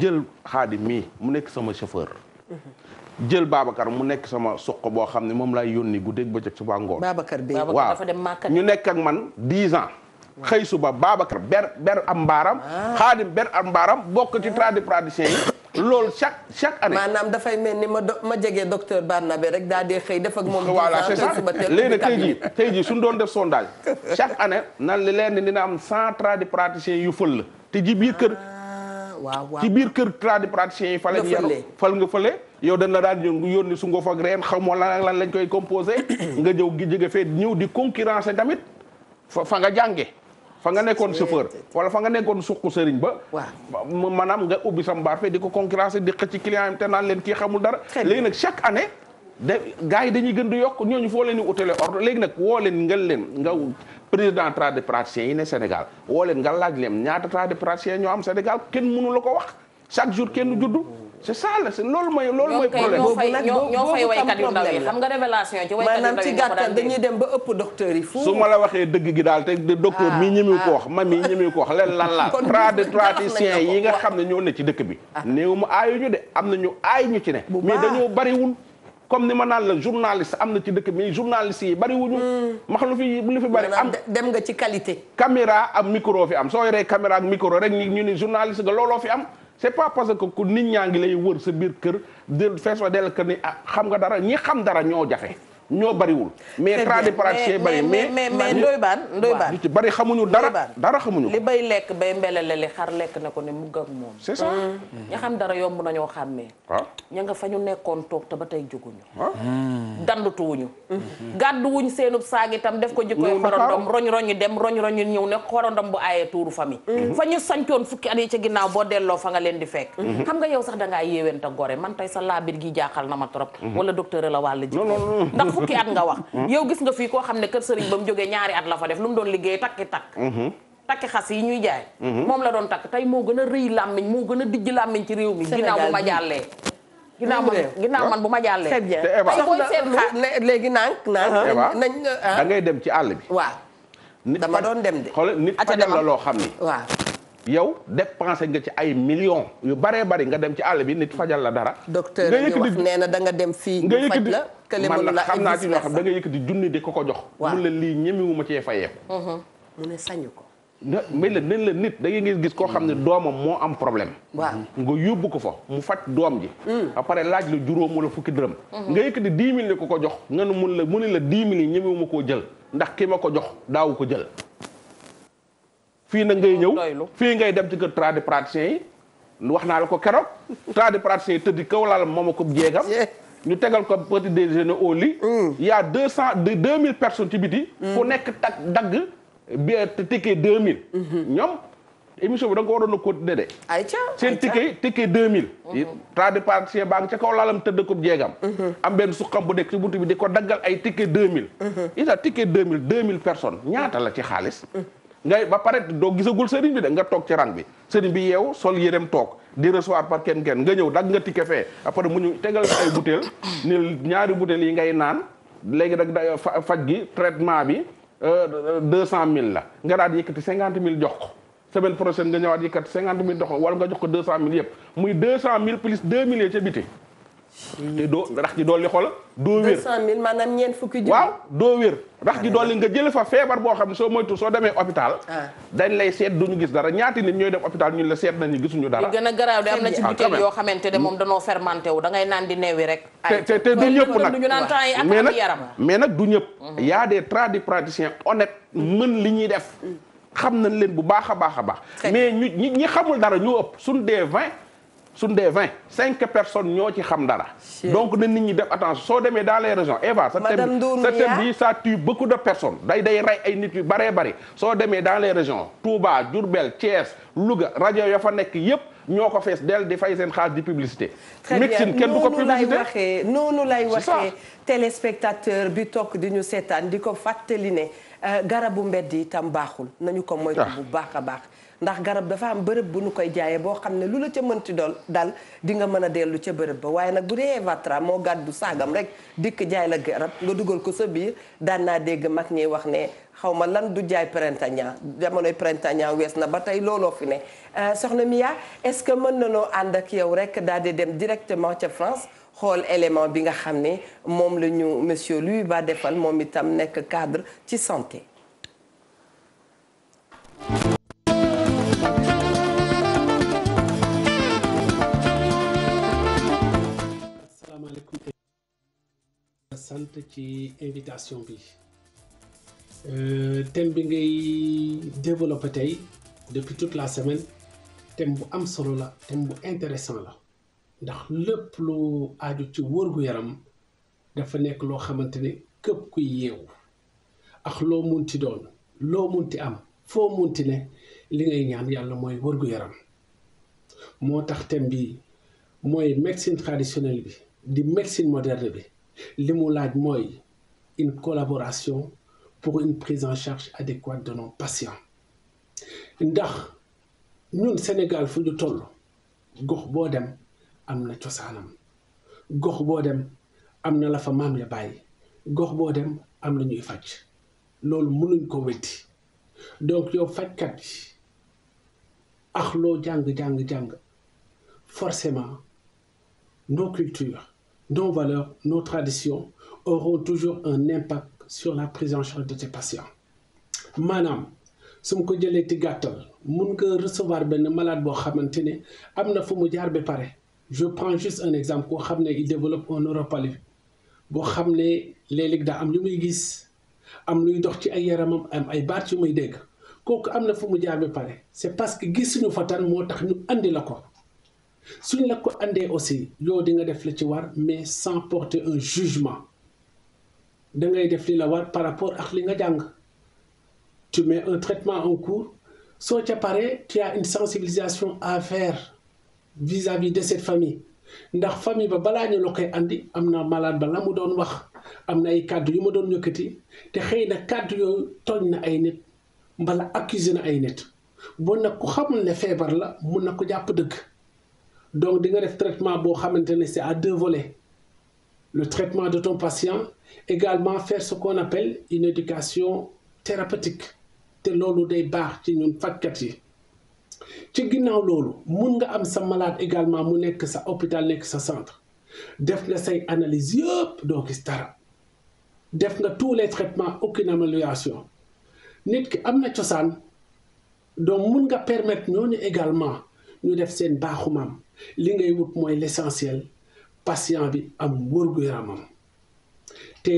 jël xaadim mii mu nekk sama chauffeur. Mm-hmm. jël Babacar mu nekk sama suq boo xam ne moom laay yónni guddeeg bëccëg suba ngoon. Babacar bi waaw dafa dem ñu nekk ak man dix ans. xëy suba Babacar ber ber am mbaaram ah. xaadim ber am mbaaram bokk ci ah. tradipraticiens yi loolu chaque chaque année maanaam dafay mel ni ma ma jege docteur Barnabé rek daal di xëy def ak moom voilà c'est ça léegi nag tey jii suñu doon def sondage chaque année nan leen dina am cent tradipraticiens yu fël la te ji biir kër ah, waaw waaw ci biir kër tradipraticiens yi fa lañ yaru fal nga fële yow dañ la daan yónni yónni su ngoof ak reen xamoo lan ak lan lañ koy composé (coughs) nga jëw gi jóge fee ñëw di concurrence tamit fa fa nga jànge fa nga nekkoon chauffeur wala fa nga nekkoon suqu sëriñ ba waaw maanaam nga ubbi sam baar fe di ko concurrencer di xëcc client yam leen kii xamul dara léegi nag chaque année da gars yi dañuy gën di yokk ñooñu foo leen di utale ordre léegi nag woo leen nga leen nga président tradipraticiens yi ne Sénégal woo leen nga laaj leen ñaata tradipraticiens ñoo am Sénégal kenn mënu la ko wax chaque jour kenn juddu c'est ça la c'est loolu mooy loolu mooy problème boobu nag ñoo fay yi xam nga révélation ci waykat yu ndaw yi maanaam ci gàttal dañuy dem ba ëpp docteur yi fu su ma la waxee dëgg gi daal te docteur ah. mii ñëmewu ko ah. ma mii ñëmewu ko leen lan la (laughs) tradipraticien yi nga xam ne ñoo ne ci dëkk bi ah. néew mu aayu ñu de am na ñu aay ñu ci ne mais dañoo bariwul comme ni ma naan la journaliste am na ci dëkk bi journaliste yi bari wuñu hmm. max lu fi lu fi bari am dem nga ci qualité caméra am micro fi am soo yoree caméra micro rek ñu ni journaliste nga looloo fi am c'est pas parce que ku nit ñaa ngi lay wër sa biir kër di fees fa dell kër ni ah xam nga dara ñi xam dara ñoo jafe ñoo bariwul. mais tradipraticien bari mais mais mais ndoy baan ndoy baan. ci bari xamuñu dara dara xamuñu li bay lekk bay mbelele li xar lekk na ko ne mugg ak moom. c'est ça. Mm. ña xam dara yomb nañoo xàmmee. waaw ah. ña nga fa ñu nekkoon toog te ba tey jóguñu. Ah. Mm. dandutuwuñu. Mm-hmm. gàdduwuñ seenub saag itam def ko jikkoy xorondom roñ roñi dem roñ roñi ñëw ne xorondom bu aayee tuuru famille. Mm-hmm. fa ñu sancoon fukki at yi ca ginnaaw boo delloo fa nga leen di fekk. Mm-hmm. xam nga yow sax da ngaa yéeween te gore man tey sa laabir gi jaaxal na ma trop. wala docteur la wàll ji. fukki at nga wax yow gis nga fii koo xam ne kër sëriñ ba mu jógee ñaari at la fa def lu mu doon liggéey takki takk mhm. takki xas yi ñuy jaay mhm. moom la doon takk tey moo gën a rëy làmmiñ moo gën a dijj làmmiñ ci réew mi ginnaaw bu ma jàllee ginnaaw man bu ma jàllee très bien da ngay dama doon dem de nit fajal la loo xam ni waaw yow dépensé nga ci ay millions yu baree bari nga dem ci àll bi nit fajal la dara docteur ñu wax nee na da nga dem fii ñu faj la kële la xam naa ci ñoo xam da nga yëkkati junni di ko ko jox. mun la lii ñemewu ma cee fayeeku. Mhm. mu ne sañu ko. na la nen la nit da ngay gis koo xam ne mhm. doomam moo am problème. waaw nga yóbbu ko fa mu faj doom ji. Mm. ba pare laaj la juróom wala fukki dërëm. Mhm. nga yëkkati dix mille ko ko jox nga ne mun la mu ne la dix mille yi koo jël ndax ki ma ko jox daaw ko jël. fii nag ngay oh, ñëw fii ngay dem ci kër tradipraticiens yi wax naa la ko keroog (laughs) tradipraticiens yi kaw laal ñu tegal ko petit déjeuner au lit. Mm. y a deux cent deux mille personnes ci biti. Mm. ku nekk tak dagg bi ticket deux mille. Mm-hmm. ñoom émission bi da nga ko waroon a continuer de. ayca seen ticket ticket deux mille. Oh. tradipraticien baa ngi ca kaw laalam tëdd ko jeegam. Mm-hmm. am benn suqam bu nekk ci buntu bi di ko daggal ay ticket deux mille. Mm-hmm. isa ticket deux mille deux mille personnes ñaata la ci xaalis. ngay ba pare doo gisagul sëriñ bi de nga toog ci rang bi sëriñ bi yeewu sol yérem toog di recevoir par kenn kenn nga ñëw dag nga ticket fee après mu ñu tegal ay butéel ni ñaari butéel yi ngay naan léegi nag da faj gi traitement bi euh, deux cent mille la nga daal yëkkati cinquante mille jox ko semaine nga ñëwaat yëkkati cinquante mille jox ko nga jox ko deux cent mille yëpp muy deux cent mille plus deux mille ca biti doo rax ji dolli xoola doo wér 200000 maanaam ñeent fukki doo wér rax ji ah. dolli nga jël fa feebar boo xam ne soo moytu soo demee hôpital ah. dañ lay seet ñu gis dara ñaati nit ñooy dem hôpital ñun la seet nañu gisuñu dara li gën a garaaw de am na ci ah, butéel yoo xamante de moom danoo fermenté wu da ngay naan di neewi rek te te du ñëpp nag mais nag mais nag du ñëpp mhm. y a des tradipraticiens honnêtes mën li ñuy def mhm. xam nañ leen bu baax a baax a baax mais ñu ñi xamul dara ñu ëpp suñ dee 20 suñ dee vingt cinq personnes ñoo ci xam dara. donc na nit ñi def attention soo demee dans les régions Eva. sa thème bi ça tue de personnes. day day rey ay nit yu baree bari soo demee dans les régions Touba Diourbel Thiès Louga rajo ya fa nekk yépp ñoo ko fees del di fay seen xaalis di publicité. médecine kenn du ko publicité noonu lay waxee téléspectateur bi toog di ñu seetaan di ko fàttali ne euh, garabu mbedd yi itam baaxul nañu ko moytu ah. bu baax a baax. ndax garab dafa am bërëb bu nu koy jaayee boo xam ne lu la ca mënti dool dal di nga mën a dellu ca bërëb ba waaye nag bu dee Evatra moo gàddu saagam rek dikk jaay la garab nga dugal ko sa biir daan naa dégg mag ñiy wax ne xaw ma lan du jaay printania jamonoy printania wees na ba tey looloo fi ne euh, soxna Mia est-ce que mën loo ànd ak yow rek daal di dem directement ca France xool élément bi nga xam ne moom lañu ñu monsieur Louis Ba defal moom itam nekk cadre ci santé sant ci invitation bi euh, thème bi ngay développé tey depuis toute la semaine thème bu am solo la thème bu intéressant la ndax lépp lu aaju ci wërgu-yaram dafa nekk loo xamante ne képp kuy yeewu ak loo mun munti doon loo mun munti am foo munti ne li ngay ñaan yàlla mooy wërgu-yaram moo tax thème bi mooy médecine traditionnelle bi di médecine moderne bi li mu laaj mooy une collaboration pour une prise en charge adéquate de nos ndax ñun Sénégal fu ñu toll gox boo dem am na cosaanam gox boo dem am na la fa maam ya bàyyi gox boo dem am na ñuy faj loolu mënuñ koo weddi donc yow fajkat bi ax loo jàng jàng jàng forcément nos cultures nos valeurs, nos traditions auront toujours un impact sur la prise charge de tes patients maanaam su ma ko jëlee ci gàttal mun nga recevoir benn malade boo xamante ne am na fu mu jaar ba pare je prends juste un exemple koo xam ne il développe un neuropalu boo xam ne léeg-léeg daa am lu muy gis am luy dox ci ay yaramam am ay baat yu muy dégg kooku am na fu mu jaar bi pare c'est parce que gisuñu fa tan moo tax ñu andi la ko suñ la ko andee aussi yow di nga def la ci war mais sans porter un jugement da ngay def li la war par rapport ak li nga jàng tu mais un traitement en cours soo ca paree tu une sensibilisation à faire vis-à-vis de cette famille ndax famille ba balaa ñu la koy andi am na malade ba la mu doon wax am na ay kàddu yu ma doon yëkkati te xëy na kàddu yooyu tooñ na ay nit mbala accusé na ay nit bon nag ku xamul ne feebar la mun na ko jàpp dëgg. donc dinga def traitement boo xamante ne c'est à deux volets le traitement de ton patient également faire ce qu'on appelle une éducation thérapeutique te loolu day baax ci ñun fajkat yi ci ginnaaw loolu mun nga am sa malade également mu nekk sa hôpital nekk sa centre def nga say analyse yëpp doo gis dara def nga tous les traitements aucune amélioration nit ki am na cosaan donc mun nga permettre ñooñu également ñu def seen baaxu maam li ngay wut mooy l'essentiel patient bi am wërgu-yaramam te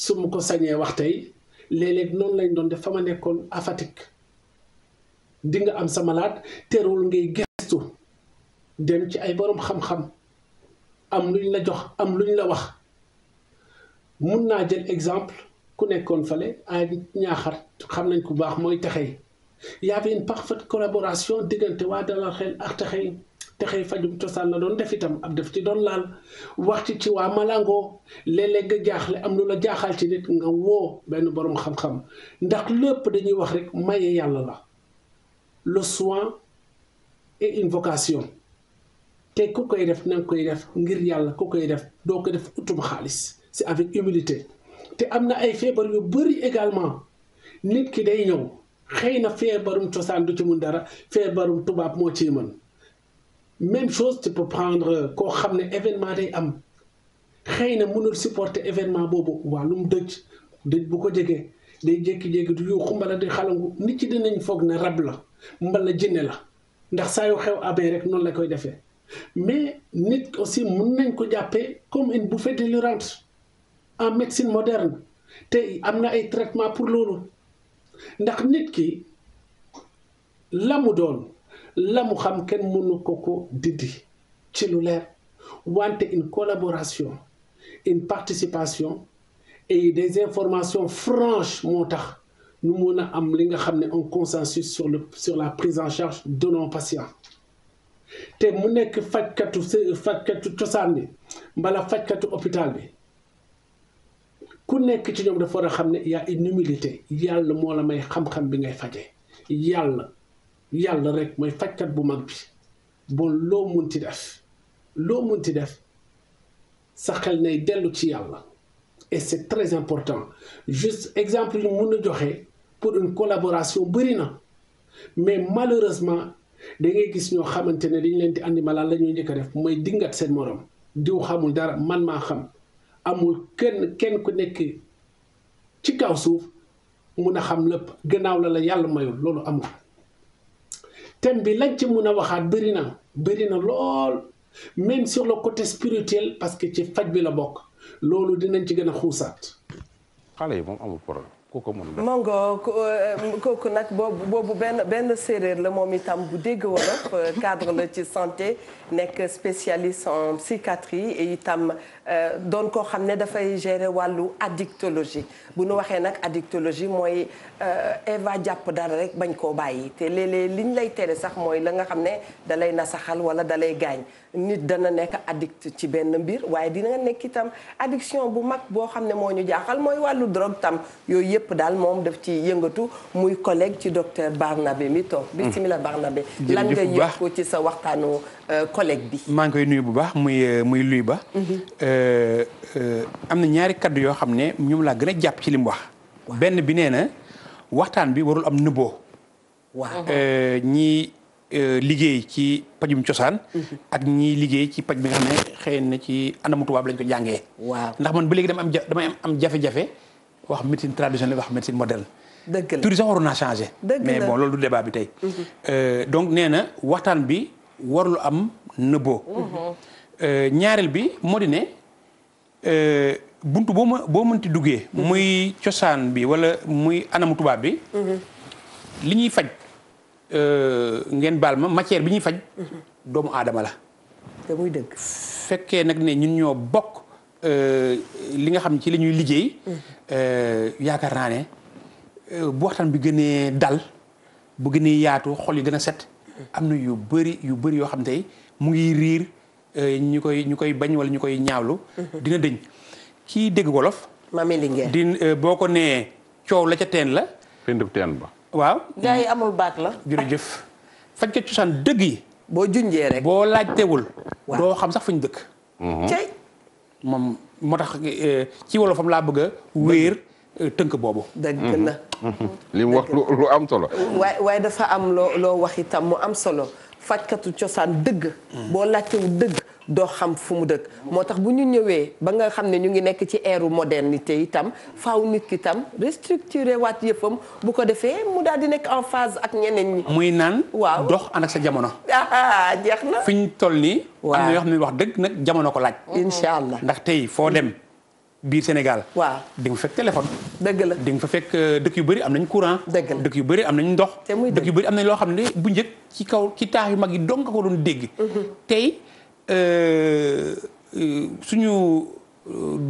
su ma ko sañee wax tey léeg noonu lañ doon def fa ma nekkoon à Fatick di nga am sa malade terewul ngay gëstu dem ci ay borom xam-xam am luñ la jox am lu ñu la wax mun naa jël exemple ku nekkoon fale ay ñaaxar xam nañ ku baax mooy texey y avait une parfaite collaboration diggante waa dalal xel ak taxay taxay fajum cosaan la doon def itam ab def ci doon laal wax ci ci waa Malango léeg-léeg nga jaaxle am lu la jaaxal ci nit nga woo benn boroom xam-xam ndax lépp dañuy wax rek maye yàlla la le soin et une vocation te ku koy def na koy def ngir yàlla ku koy def doo ko def utum xaalis ci avec humilité te am na ay feebar yu bari également nit ki day ñëw. xëy na feebarum cosaan du ci mun dara feebarum tubaab moo ciy mën même chose tu peux euh, koo xam ne événement day am xëy na mënul supporté événement boobu waa lu mu dëj dëj bu ko jegee day jékki-jékki du yuuxu mbala di xalangu nit ci dinañ foog ne rab la mbala jinne la ndax saa yu xew amee rek noonu la koy defee mais nit aussi mën nañ ko jàppee comme bu bouffée délirante en médecine moderne te am na ay traitement pour loolu ndax nit ki la mu doon la mu xam kenn mënu ko ko diddi ci lu leer wante une collaboration une participation et des informations franches moo tax ñu mën a am li nga xam ne un consensus sur le sur la prise en charge de nos patients te mu nekk fajkatu cosaan bi bala fajkatu hôpital bi ku nekk ci ñoom dafa war a xam ne yaa a une humilité yàlla moo la may xam-xam bi ngay faje yàlla yàlla rek mooy fajkat bu mag bi bon loo munti def loo mun munti def sa xel nay dellu ci yàlla et c'est très important juste exemple yu mun a joxe pour une collaboration bëri na mais malheureusement da ngay gis ñoo xamante ne dañ leen di andi malal la ñuy njëkk a def mooy dingat seen moroom diw xamul dara man maa xam amul kenn kenn ku nekk ci kaw suuf mun a xam lépp gannaaw la la yàlla mayoon loolu amul thème bi lañ ci mun a waxaat bëri na bëri na lool même sur le côté spirituel parce que ci faj bi la bokk loolu dinañ ci gën a xuusaat. xale yi moom euh, boobu benn séréer la moom itam bu dégg wolof euh, cadre la ci santé nekk spécialiste en psychiatrie et itam Euh, doon koo xam ne dafay gérer wàllu addictologie bu nu waxee nag addictologie mooy euh, Eva jàpp dara rek bañ koo bàyyi te léeg-léeg liñ lay tere sax mooy la nga xam ne dalay nasaxal wala dalay gaañ nit dana nekk addict ci benn mbir waaye dina nekk itam addiction bu mag boo xam ne moo ñu jaaxal mooy wàllu drogue tam yooyu yëpp daal moom daf ci yëngatu muy collègue ci docteur Barnabé mi toog. Hmm. bisimilah Barnabé lan nga yëg ko ci sa waxtaanu. Euh, collègue bi. maa ngi koy nuyu bu baax muy euh, muy luy ba. Mhm. Euh, am na ñaari kaddu yoo xam ne ñoom laa gën a jàpp ci li mu wax. benn bi nee na waxtaan bi warul am nëbboo. waaw ñi liggéey ci pajum cosaan. Mhm. ak ñi liggéey ci paj bi nga xam ne xëy na ci anamu tubaab lañ ko jàngee. waaw ndax man ba léegi dama am am jafe-jafe wax médecine traditionnelle wax médecine moderne. dëgg la tourisme waroon naa changé. mais bon loolu du débat bi tey. Mhm. donc nee na waxtaan bi. warul am nëbboo. Euh, ñaareel bi moo di bunt euh, buntu boo ma boo mënti duggee. muy cosaan bi wala muy anamu tubaab bi. li ñuy faj euh, ngeen baal ma matière bi ñuy faj. doomu aadama la. te muy fekkee nag ne ñun ñoo bokk li nga xam ci li ñuy liggéey. yaakaar naa ne bu waxtaan bi gënee dal bu gënee yaatu xol yi gën a set. am na yu bëri yu bari yoo xam tey mu ngi riir euh, ñu koy ñu koy bañ wala ñu koy ñaawlu. Mhm. dina dëñ kii dégg wolof. Mame Linguère di euh, boo ko nee coow la ca teen la. pindub teen ba. waaw gars yi amul baat la. jërëjëf faj ko cosaan dëgg yi. boo junjee rek boo laajtewul. waaw doo xam sax fañ ñu mhm. tax euh, ci wolofam laa bëgg a wéer. tënk boobu. dëgg mhm. la. Mhm. li mu wax lu am solo. waaye waaye dafa am loo loo wax itam mu am solo fajkatu cosaan dëgg. Mhm. boo laajtewu dëgg. doo xam fu mu dëkk moo tax bu ñu ñëwee ba nga xam ne ñu ngi nekk ci ère modernité itam faaw nit ki itam restructuré waat yëppam bu ko defee mu daal di nekk en phase ak ñeneen ñi. muy naan waaw dox ànd na sa jamono. Ah, ah, jeex na fi ñu toll nii. waaw am na yoo xam ne wax dëgg nag jamono ko laaj. incha allah ndax tey foo dem. biir Sénégal. waaw di nga fa fekk la di fa fekk euh, dëkk yu bëri am nañ courant. dëgg dëkk yu bëri am nañ ndox. te muy dëkk yu am nañ loo xam ne bu njëkk ci kaw ci taax yu mag yi dong nga ko doon dégg. Mhm. Euh, euh,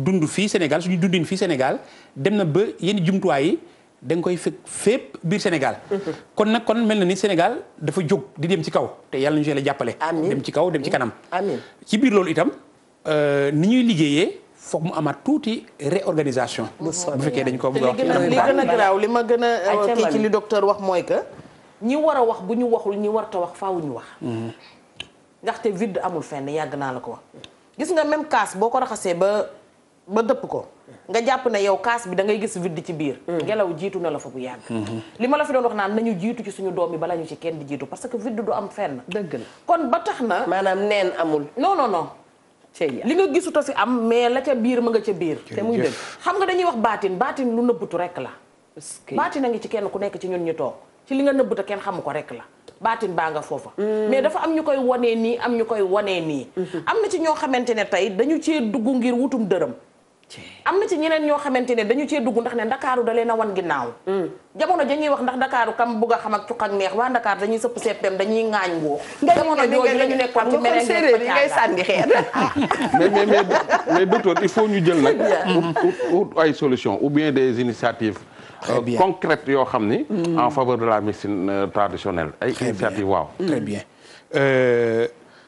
dund fii Sénégal suñu fii Sénégal dem na ba yenn jumtuwaay yi. da koy fekk fépp biir Sénégal. Mhm. kon nag kon mel na ni Sénégal dafa jóg di dem ci kaw te yàlla nañu si la jàppale. dem ci kaw dem ci kanam. ci biir loolu itam ni ñuy liggéeyee. foog mu amaat tuuti réorganisation. bu fekkee dañ ko bëgg a wax li gën li ma gën a euh, kii ci li docteur wax mooy que. ñi war a wax bu ñu waxul ñi war ta wax faaw ñu wax. Mhm. ndaxte vide amul fenn yàgg naa la ko wax. gis nga même kaas boo ko raxasee ba ba dëpp ko. nga jàpp na yow kaas bi da ngay gis vide ci biir. Mhm. ngelaw jiitu na la fa bu yàgg. Mhm. li ma la fi doon wax naan nañu jiitu ci suñu doom yi bala ñu ci kenn di jiitu parce que vide du am fenn. dëgg la kon ba tax na. maanaam neen amul. non non li nga gisuta si am mais la ca biir mu nga ca biir te muy dëgg xam nga dañuy wax baatin baatin lu nëbbutu rek la baatin a ngi ci kenn ku nekk ci ñun ñu toog ci li nga nëbbuta kenn xamu ko rek la baatin baa nga foofa mm. mais dafa am ñu koy wanee nii am ñu koy wanee nii mm-hmm. am na ci ñoo xamante ne tey dañu cee dugg ngir wutum dërëm am na ci ñeneen ñoo xamante ne dañu cee dugg ndax ne ndakaaru da leen a wan ginnaaw hmm. jamono dañuy wax ndax ndakaaru kam bugg a xam ak cuq ak neex waa ndakaar dañuy sëpp septem dañuy ŋaañ woo jamono jooju lañu nekkoon ci merengue séeréer yi ngay sànni xeer (laughs) mais mais mais mais docteur il faut ñu jël nag ut ay solution ou bien des initiatives euh, concrètes yoo xam ni hmm. en faveur de la médecine euh, traditionnelle ay initiative waaw très bien hmm. euh,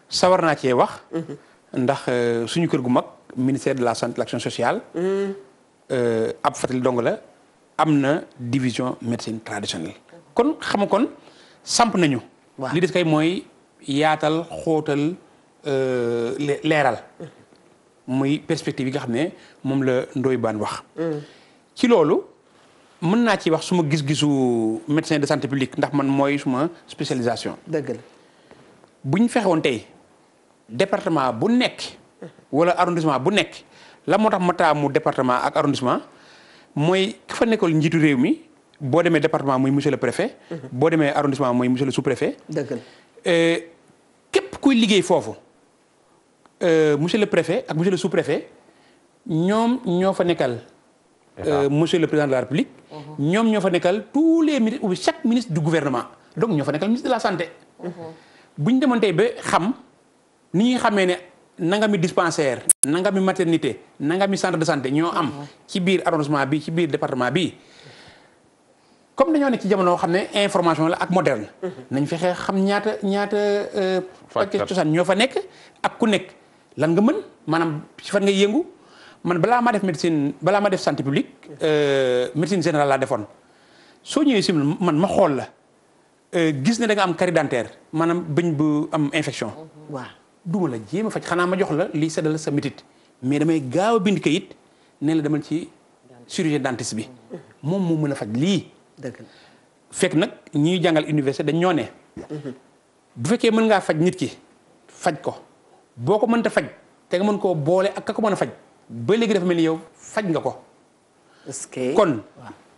sawar naa cee wax ndax suñu kër gu mag ministère de la santé l'action sociale. Euh, ab fàttali dong la am na division médecine traditionnelle. kon xam kon samp nañu. li des kay mooy yaatal xóotal euh, leeral. muy perspective yi nga xam ne moom la Ndoye Bane wax. ci loolu mën naa ci wax suma gis-gisu médecin de santé publique ndax man mooy suma spécialisation. dëgg fexewoon tey département bu nekk. wala arrondissement bu nekk la moo tax ma taamu département ak arrondissement mooy ki fa nekkal njiitu réew mi boo demee département mooy monsieur le préfet. Mhm. boo demee arrondissement muy monsieur le sous-préfet. dëgg euh, képp kuy liggéey foofu euh, monsieur le préfet ak monsieur le sous-préfet ñoom ñoo fa nekkal. Euh, monsieur le président de la république. Mhm. ñoom ñoo fa nekkal tous les ministres ou chaque ministre du gouvernement donc ñoo fa nekkal ministre de la santé. Mhm. bu ñu demoon ni ñuy xamee nangami dispensaire nangami maternité mi centre de santé ñoo am ah. ci biir arrondissement bi ci biir département bi comme dañoo nekk ci jamono xam ne information la ak moderne mhm. nañ fexe xam ñaata ñaata euh, faj cosaan ñoo fa nekk ak ku nekk lan nga mën maanaam ci fan nga yëngu man balaa ma def médecine balaa ma def santé publique euh, médecine générale laa defoon soo ñëwee siml man ma xool la euh, gis ne da am carie dentaire maanaam bëñ bu am infection mhm. waaw duma la jéem a faj xanaa ma jox la lii seddal sa métit mais damay gaaw a bind kayit ne la demal ci chirurgien dentiste bi moom moo mën a faj lii. fekk nag ñuy jàngal université dañ ñoo ne. bu fekkee mën ngaa faj nit ki faj ko boo ko mën mënta faj te nga mën koo boole ak ka ko mën a faj ba léegi dafa mel ni yow faj nga ko. kon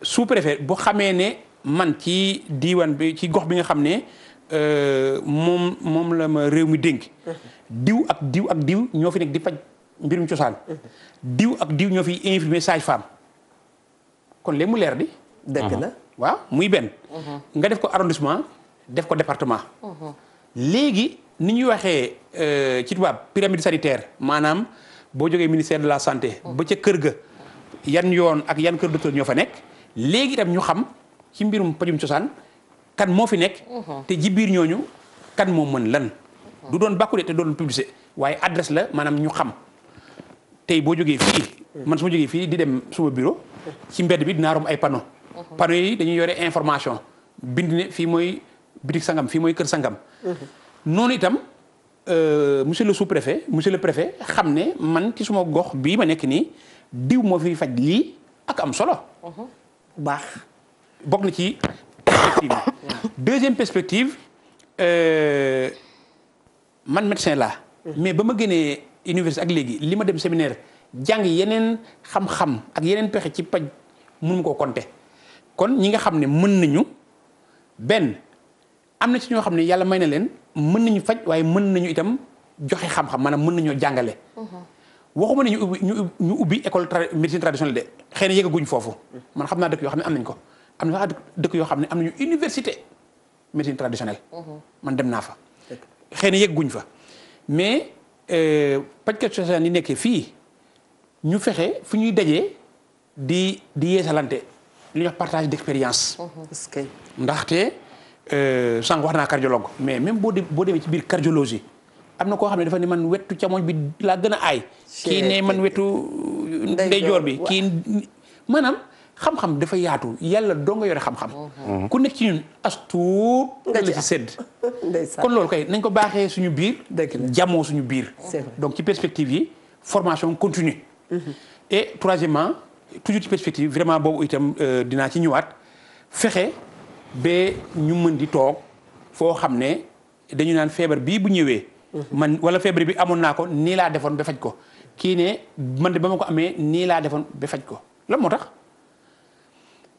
sous préfet bu xamee ne man ci diiwaan bi ci gox bi nga xam ne. Euh, moom moom la ma réew mi dénk diw ak diw ak diw ñoo fi nekk di faj mbirum cosaan diw ak diw ñoo fi infirmier sage-femme kon léegi mu leer di dëgg la uh-huh. waaw muy benn uh-huh. nga def ko arrondissement def ko département uh-huh. léegi ni ñuy waxee euh, ci tubaab pyramide sanitaire maanaam boo jógee ministère de la santé ba ca kër ga yan yoon ak yan kër docteur ñoo fa nekk léegi itam ñu xam ci mbirum pajum cosaan kan moo fi nekk. Uh-huh. te ji biir ñooñu kan moom mën lan. Uh-huh. du doon bàkku de te doon publicité waaye adresse la maanaam ñu xam tey boo jógee fii. Uh-huh. man su ma jógee fii di dem suma bureau. ci mbedd bi dinaa romb ay pano panneaux yi dañuy yore information bind ne fii mooy bitik sangam fii mooy kër sangam. noonu itam euh, monsieur le sous-préfet monsieur le préfet xam ne man ci suma gox bii ma nekk nii diw moo fi faj lii ak am solo. baax bokk na ci perspective deuxième perspective euh, man médecin laa. mais ba ma génnee université ak léegi li ma dem séminaire jàng yeneen xam-xam ak yeneen pexe ci paj mënuma koo compter kon ñi nga xam ne mën nañu benn am na ci ñoo xam ne yàlla may na leen mën nañu faj waaye mën nañu itam joxe xam-xam maanaam mën nañoo jàngale. Mhm. waxuma ne ñu ubbi ñu ubbi école médecine traditionnelle de xëy na yeggaguñ foofu. man xam naa dëkk yoo xam ne am nañ ko. am na dëkk yoo xam ne am nañu université médecine traditionnelle. Mhm. man dem naa fa. xëy na fa mais euh, pajkat traditionnel yi nekkee fii ñu fexe fu ñuy dajee di di yeesalante li ñuy wax partage d'expérience. Mhm. ndaxte euh, sànq wax naa cardiologue. mais même boo de boo demee ci biir cardiologie. am na koo xam ne dafa ne man wetu càmmoñ bi laa gën a aay. kii ne man wetu ndeyjoor bi kii maanaam. xam-xam dafa yaatu yàlla doo yore xam-xam. Mhm. ku nekk ci ñun as tuut. nga sedd (laughs) kon loolu kay nañ ko baaxee suñu biir. jàmmoo suñu biir. donc ci perspective yi formation continue. Mhm. et troisièmement toujours ci perspective vraiment boobu itam euh, dinaa ci ñëwaat fexe ba ñu mën di toog foo xam ne dañu naan feebar bii bu ñëwee. Mhm. man wala feebar bi amoon naa ko nii laa defoon ba faj ko kii ne man de ba ma ko amee nii laa defoon ba faj ko lan moo tax.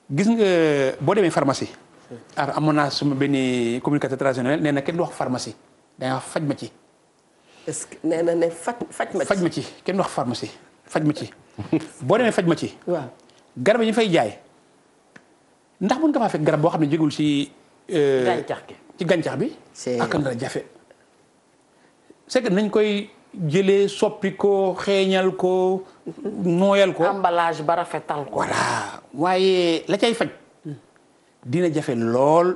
gis nga boo demee pharmacie. ah amoon naa suma benn communicateur traditionnel nee na kenn du wax pharmacie da wax faj ma ci. est-ce que na faj ma ci kenn du wax pharmacie faj ma ci (laughs) boo demee faj ma ci. garab yi ñu fay jaay ndax mën nga faa fekk garab boo xam ne jógul ci. Euh, gàncax gi ci gàncax bi. c'est ak ah, na jafe. c'est que nañ koy. jëlee soppi ko xeeñal ko nooyal ko. emballage ba rafetal ko. voilà waaye la cay faj dina jafe lool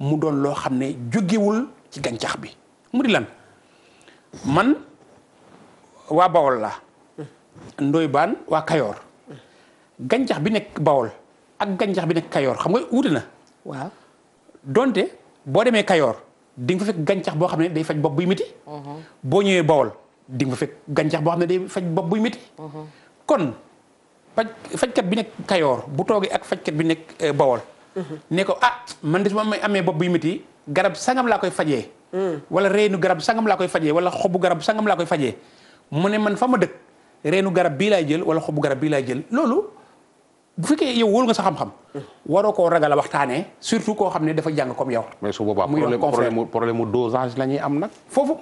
mu doon loo xam ne jógewul ci gàncax bi mu di lan man waa Bawol la Ndoye Bane waa Kayoor gàncax bi nekk Bawol ak gàncax bi nekk Kayoor xam nga wuute na. waaw donte boo demee Kayoor di nga fa fekk gàncax boo xam ne day faj bopp buy miti. Mhm. boo ñëwee Bawol. di nga fekk gàncax boo xam ne day faj bopp buy métti. kon faj fajkat bi nekk Kayoor bu toogee ak fajkat bi nekk euh, Bawol. ne ko ah man de su ma amee bopp buy métti garab sangam laa koy fajee. wala reenu garab sangam laa koy fajee wala xobu garab sangam laa koy faje mu ne man fa ma dëkk reenu garab bii laay jël wala xobu garab bii laay jël loolu bu fekkee yow nga sa xam-xam. waroo koo ragal a waxtaanee surtout koo xam ne dafa jàng comme yow. mais su boobaa problème problème mu dosage la ñuy am nag foofu.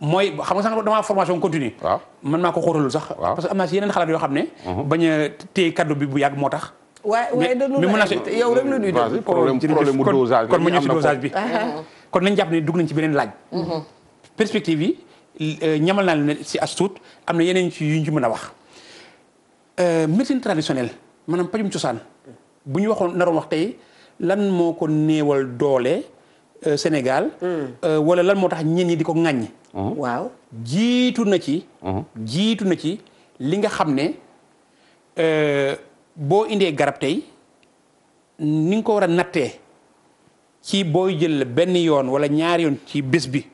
mooy xam nga sax damaa formation continue waaw man maa ko xóotalul sax parce que am naa si yeneen xalaat yoo xam ne mhm. bañ a téye kaddu bi bu yàgg moo tax waaye waaye dañu mais mun naa si yow rek la ñuy déglu problème problème mu dosage bi kon mu ñëw si dosage bi uh-huh. kon nañ jàpp ne dugg nañ ci beneen laaj uh-huh. perspective yi euh, ñamal naa leen si as tuut am na yeneen ci yu ñu ci mën a wax euh, médecine traditionnelle maanaam pajum cosaan bu ñu waxoon naroon wax tey lan moo ko néewal doole Euh, Sénégal. Hmm. Euh, wala lan moo tax ñenn ñi di ko ŋàññ. Hmm. waaw jiitu na ci. Hmm. jiitu na ci li nga xam ne euh, boo indee garab tey ni nga ko war a nattee ci booy jël benn yoon wala ñaari yoon ci bés bi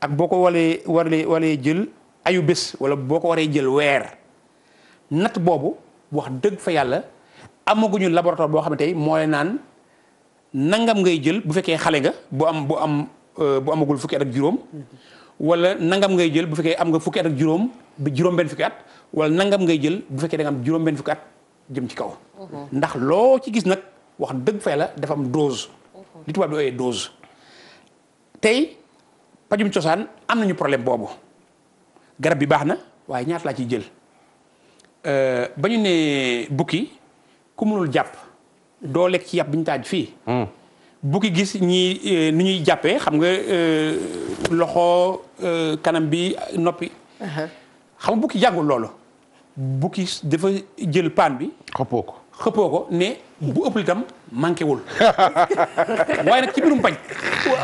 ak boo ko walee walee walee jël ayu bés wala boo ko waree jël weer natt boobu wax dëgg fa yàlla amaguñu laboratoire boo xam ne tey moo leen naan. nangam ngay jël bu fekkee xale nga bu am bu am euh, bu amagul fukki at ak juróom walla nangam ngay jël bu fekkee am nga fukki at ak juróom ba juróom-benn fukki at wala nangam ngay jël bu fekkee da nga am juróom-benn fukki at jëm ci kaw. ndax loo ci gis nag wax dëgg fay la dafa am dose. li tubaab di ooyee dose. tey pajum cosaan am nañu problème boobu garab bi baax na waaye ñaata laa ciy jël euh, ba ne bukki ku mënul jàpp. doo lekk ci yàpp bi ñu taaj fii. Hmm. bu ki gis ñii euh, ni ñuy jàppee xam nga euh, loxo euh, kanam bi noppi. Uh-huh. xam nga ki jàngul loolu. bu ki dafa jël paan bi. xëppoo ko xëppoo ko ne bu ëpp itam manqué wul (laughs) waaye nag ci mbirum pañ.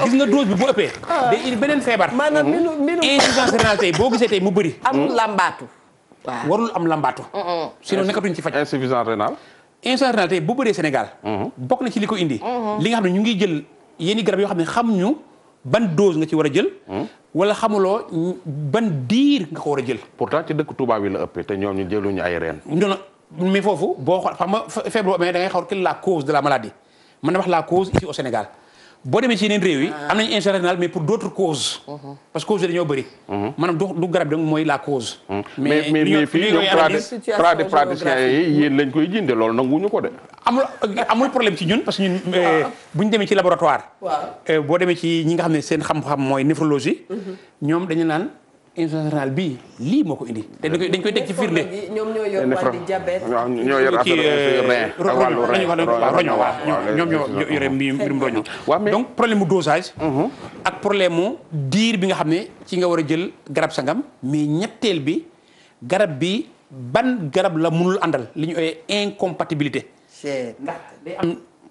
gis nga dose bi bu ëppee. Ah. day indi beneen feebar. maanaam mbiru mbiru hmm. boo gisee tey mu bëri. am lambaatu. waaw warul am lambaatu. sinon nekkatuñ ci faj. insuffisance rénale. insurrectionnalité bu bëree Sénégal. Mhm. bokk na ci li ko indi. Mhm. li nga xam ne ñu ngi jël yenn garab yoo xam ne xamuñu ban dose nga ci war a jël. Mhm. wala xamuloo ban diir nga ko war a jël. pourtant ci dëkk Touba bi la ëppee te ñoom ñu jëluñu ay reen. non mais foofu boo xool xam nga feebar boo amee da ngay xaw la cause de la maladie mën na wax la cause ici au Sénégal. boo demee ci yeneen réew yi am nañu insuffisance rénale mais pour d' autres causes. Mhm. parce que causes yi dañoo bëri. Mhm. maanaam du du garab bi mooy la cause. Mhm. mais mais mais fii ñoom praticiens yi yéen lañ lool jëndee ñu ko de. amul amul problème ci ñun parce que ñun. (laughs) Eh. Euh, bu demee ci laboratoire. Euh, boo demee ci ñi nga xam ne seen xam-xam mooy néphrologie. ñoom dañu naan. insuffisance rénale bii lii moo ko indi. te dañ koy dañ koy teg ci firnde. ñoom ñoo yor wàllu diabète. waaw ñoo yor affaire euh, rein ak wàllu roño waaw roño. donc problème mu dosage. Mhm. ak problème mu diir bi nga xam ne ci nga war a jël garab sangam. mais ñetteel bi garab bi ban garab la mënul àndal li ñu ooyee incompatibilité. c'est ndax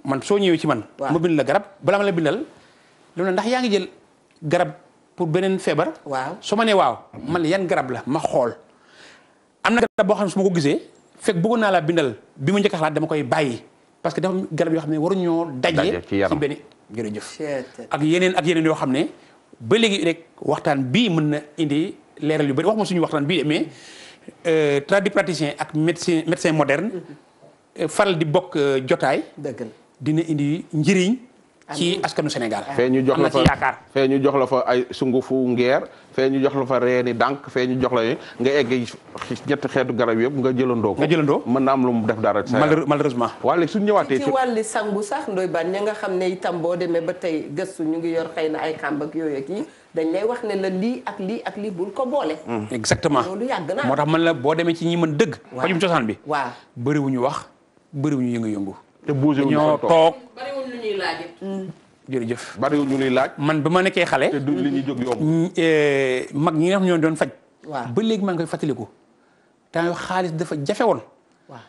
man soo ñëwee ci man. ma bind la garab balaa ma la bindal loolu ndax yaa ngi jël garab. pour beneen feebar. waaw su ma nee waaw man yan garab la ma xool. am na garab boo xam ne su ma ko gisee fekk bëggoon naa laa bindal bi mu njëkk a xalaat dama koy bàyyi parce que dafa garab yoo xam ne waruñoo daje. ci benn jërëjëf. ak yeneen ak yeneen yoo xam ne ba léegi rek waxtaan bii mën na indi leeral yu bëri waxuma suñu waxtaan bii de mais euh, tradipraticien ak médecin médecin moderne. Mm-hmm. Euh, faral di bokk euh, jotaay. dëgg dina indi njëriñ. ci askanu Sénégal. fee ñu jox la fa yaakaar la fa ay sungufu jox la fa reeni dànk fee ñu jox la nga egg ñetti xeetu garab yëpp nga jëlandoo nga jëlandoo mën na am lu mu def dara malheureusement waaye léegi suñ ñëwaatee ci wàlli sangu sax ndoy ban ña nga xam ne itam boo demee ba tey gëstu ñu ngi yor xëy na ay kàmb ak yooyu ak dañ lay wax ne la lii ak lii ak lii bul ko boole hmm. exactement loolu yàgg na moo tax man la boo demee ci ñi man dëgg pajum cosaan bi waa bëriwuñu wax bëriwuñu yëngu-yëngu te ñoo toog bariwul lu ñuy laaj mm. jërëjëf bariwul lu laaj. man ba ma nekkee xale. te du li ñuy eh, mag ñi nga xam ñoo doon faj. waaw ba léegi maa ngi koy fàttaliku. temps yoo xaalis dafa jafe woon. waaw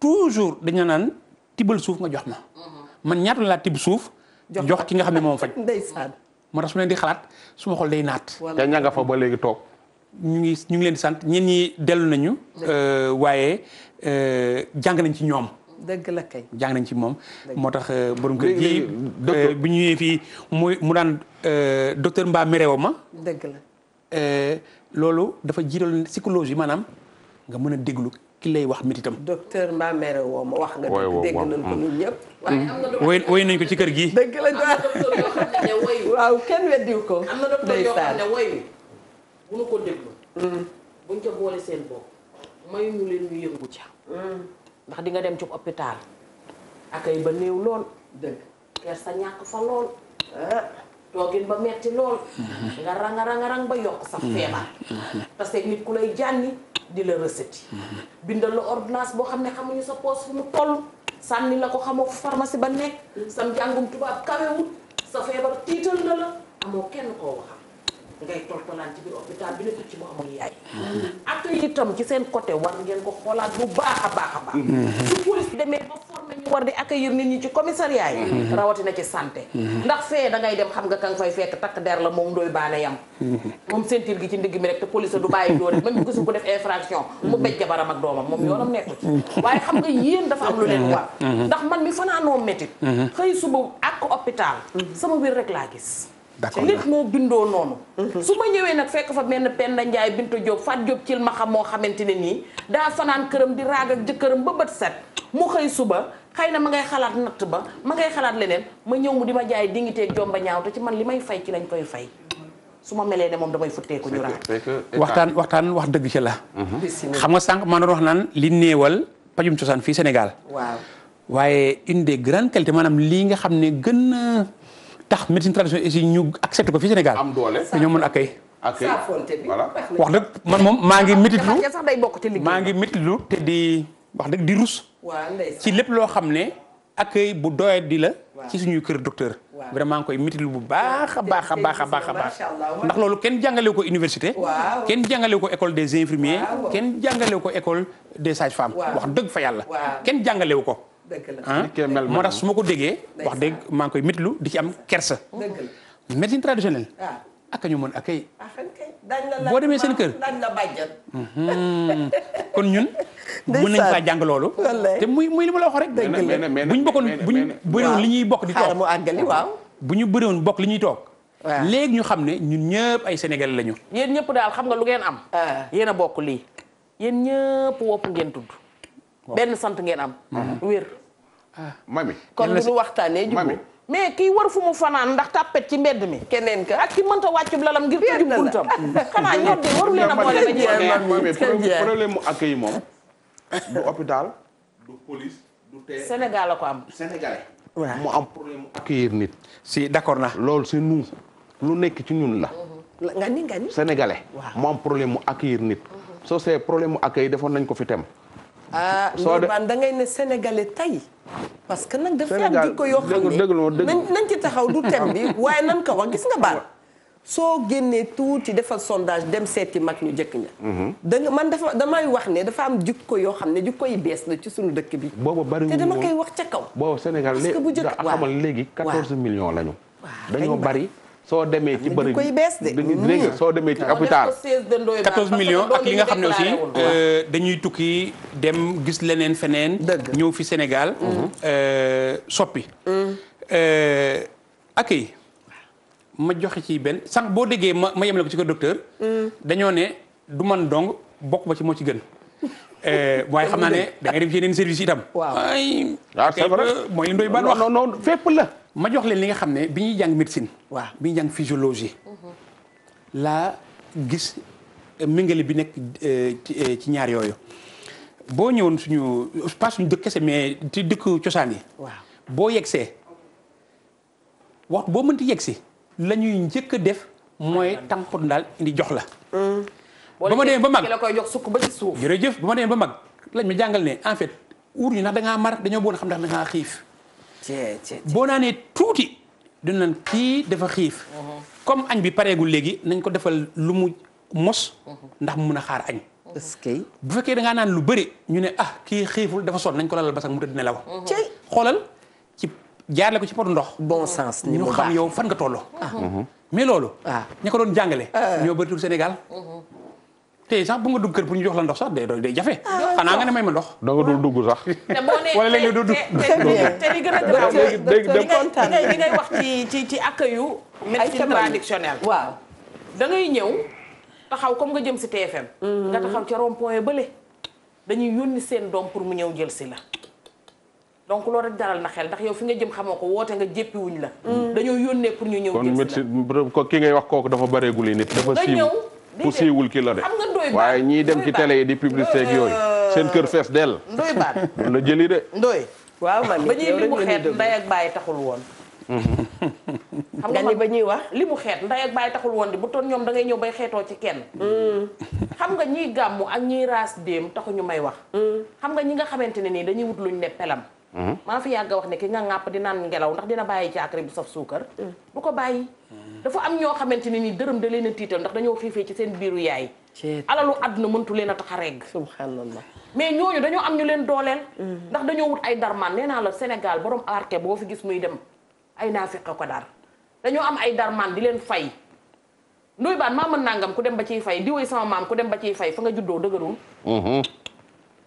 toujours dañu naan tibbal suuf nga jox ma. Mm-hmm. man ñaata laa tibb suuf. jox ki nga xam ne moom faj. ndeysaan moo tax su ma leen di xalaat su ma xol day naat. te ña nga fa ba léegi toog. ñu ngi ñu ngi leen di sant ñenn ñi dellu nañu. Eh, waaye eh, jàng nañ ci ñoom. dëgg la kay jàng nañ ci moom. moo tax euh, borom kër gi euh, bi ñu fii muy mu daan euh, docteur Mba mereewa ma. dëgg la. loolu dafa jiital psychologie maanaam nga mën a déglu ki lay wax metitam. docteur Mba ma wax nga. dégg nañ ko ñun ñëpp. Mm. waaye nañ ko ci kër gi. dëgg la waaw ko. am na mm. seen bopp mayu leen ñu yëngu ca. Mm. ndax di nga dem ci hôpital akay ba néew lool dëgg ker sa ñàkk fa lool ah. toogin ba metti lool mm-hmm. nga ranga ranga rang ba yokk sa mm-hmm. feebar mm-hmm. parce que nit ku lay jànni di la recette bindal la ordonnance boo xam ne xamuñu sa poos fu mu toll sànni la ko xamoo fu pharmacie ba nekk sa jàngum tubaab kawewut sa feebar tiital na la amoo kenn koo wax ngay toog tolaan ci biir hôpital bi ne picc mu amul yaay. Mm-hmm. accueil itam ci seen côté war ngeen ko xoolaat bu baax a baax mm-hmm. su police demee ba formé ñu war di accueillir nit ñi ci commissariat yi. Mm-hmm. rawatina ci santé. ndax fee da ngay dem xam nga ka nga fay fekk takk der la moom ndoy baane yam. moom sentir gi ci ndigg mi rek te police du bàyyi doole même gisu ko def infraction. mu béj jabaram ak doomam moom yoonam nekku ci. waaye xam nga yéen dafa am lu leen war. ndax man mi fanaanoo métit xëy suba ak hôpital. sama biir rek laa gis. d'accord nit moo bindoo noonu. su ma ñëwee nag fekk fa benn Penda Ndiaye Binta Diop Fat Diop cil ma xam moo xamante ne nii daa fanaan këram di raag ak jëkkëram ba bët set mu xëy suba xëy na ma ngay xalaat natt ba ma ngay xalaat leneen ma ñëw mu di ma jaay dingiteeg jomba ñaaw te ci man li may fay ci lañ koy fay. su ma melee ne moom damay futteeku ñu raat waxtaan wax dëgg ci la. Mhm. xam nga sànq maa doon wax naan li néewal pajum cosaan fii Sénégal. waaw waaye une des grandes qualités maanaam tax médecine traditionnelle aussi ñu accepté ko fii Sénégal. am doole ñoo mën accueil. accueil voilà wax dëgg man moom maa ngi métitlu maa ngi métitlu te di wax dëgg di rus. ci lépp loo xam ne accueil bu doyat di la. ci suñu kër docteur. vraiment ngi koy métitlu bu baax a baax a baax a baax a baax ndax loolu kenn jàngale ko université. kenn jàngale ko école des infirmiers. kenn jàngalew ko école des sage femmes wax dëgg fa yàlla kenn jàngale ko. Ah? moo tax su ma ko déggee wax dëgg maa ngi koy mitlu di ci am kersa médecine traditionnelle ah. aka ñu mën akay ah, boo demee seen kër dañ la bàjjan mhm. kon ñun (laughs) mën nañ faa jàng loolu te muy muy li ma la wax rek bu ñu bokkoon bu ñu bëriwoon li ñuy bokk di toog mu àggali waaw bu ñu bëriwoon bokk li ñuy toog léegi ñu xam ne ñun ñëpp ay sénégalais lañu yéen ñëpp daal xam nga lu ngeen am yéen a bokk lii yéen ñëpp wopp ngeen tudd benn sant ngeen am mhm. mami kon lu ñu waxtaanee jubóo mais kii war fu mu fanaan ndax tàppet ci mbedd mi. keneen ak ki mënta wàccub lalam ngir tëju buntam. xanaa ñor de waru leen a boole ba jeexee mu accueil moom. du hôpital mu am problème nit. si d'accord na loolu c'est nous lu nekk ci ñun la. nga ni nga ni Sénégalais. waaw am problème mu accueillir nit. Mhm. soo see problème mu accueil defoon nañ ko fi tem. ah ne Sénégalais tey. parce que nag dafa am jikko yoo xam ne nañ ci taxaw du thème bi (laughs) waaye nan ko wax gis nga baal soo génnee tuuti defal sondage dem seeti mag ñu jëkk ña mhm. danga man dafa damay wax ne dafa am jikko yoo xam ne jikko yi bees la ci suñu dëkk bi booba bariwul te dama koy wax ca kaw booba Sénégal parce que bu jëkk xamal léegi 14 millions lañu dañoo bari soo demee ci bëri koy bees de hmm. soo demee ci hôpital 14 millions ak li nga xam ne aussi euh, dañuy tukki dem gis leneen feneen ñëw fi senegal hmm. hmm. euh, soppi euh, ak ma joxe ci benn sànq boo déggee ma ma yemale ko ci ko docteur dañoo ne du man dong bokk ba ci moo ci gën Eh, waaye xam naa ne da ngay dem ci yeneen service itam. waaw ay. ah c'est vrai mooy li Ndoye fépp la. ma jox leen li nga xam ne bi ñuy jàng médecine. waaw bi ñuy jàng physiologie. laa gis méngale bi nekk eh, ci ñaar yooyu. boo ñëwoon suñu pas suñu dëkk kese mais ci dëkk cosaan yi. waaw boo yegsee wax boo mën mënti yegsi. la ñuy njëkk a def mooy tampondaal indi jox la. Mm. ba ma demee ba mag la koy jox sukk ba ci suuf. jërëjëf ba ma demee ba mag lañ ma jàngal ne en fait uur ñu nax da ngaa mar dañoo bëggoon xam ndax da boo naanee tuuti dina naan kii dafa xiif. Mhm. comme añ bi pareegul léegi nañ ko defal lu mu mos. Mhm. ndax mu mun a xaar añ. Mhm. est bu fekkee da nga naan lu bëri ñu ne ah kii xiiful dafa sol nañ ko lalal basak mu tëdd nelaw. xoolal ci jaarle ko ci potu ndox. bon sens ni ñu xam yow fan nga tolloo. mais loolu. waaw ah. ña ko doon jàngale. Euh. ñoo bëri tur Sénégal. te sax bu nga dugg kër pour ñu jox la ndox sax day day jafe. Ah, xanaa nga ne may ma ndox. da dugg sax. (laughs) wala léegi doo dugg te li gën a grave li ngay wax ci ci ci accueil yu. médecine traditionnelle waaw. da ñëw taxaw comme nga jëm si TFM. Mm-hmm. nga taxaw ca rond point bële. dañuy yónni seen doom pour mu ñëw jël la. donc loolu rek daral na xel ndax yow fi nga jëm xamoo ko woote nga jéppiwuñ la. Mm-hmm. dañoo yónnee pour ñu ñëw jël si la ki ngay wax kooku dafa bareegul nit dafa siiw poussé wul ki la de waaye ñiy dem ci télé yi di publicité ak euh, yooyu seen kër fees dell. ndoy baat la (laughs) jëli de. ndooy waaw man ba ñuy limu xeet nday ak bàyyi taxul woon. (laughs) xam nga ni ba ñuy wax li mu xeet nday ak bàyyi taxul woon di bu toon ñoom da ngay ñëw bay xeetoo ci kenn. Mm. xam nga ñiy gàmmu ak ñiy raas taxu ñu may wax. Mm. xam nga ñi nga xamante ne nii dañuy wut luñ ne pelam. Mm-hmm. maa fi yàgg a wax ne ki nga ŋàpp di naan ngelaw ndax dina bàyyi caakiri bu saf suukar. Mm. du ko bàyyi. dafa am ñoo xamante ne nii dërëm da leen a tiital ndax dañoo xiifee ci seen biiru yaay alalu àdduna mëntu leen a tax a regg subhanallah mais ñooñu dañoo am ñu leen dooleel mm-hmm. ndax dañoo wut ay darmaan nee naa la Sénégal borom arke boo fi gis muy dem ay naafiqa ko dar dañoo am ay darmaan di leen fay ndoy baan maa mën nangam ku dem ba ciy fay di woy sama maam ku dem ba ciy fay fa nga juddoo dëgërul mm-hmm.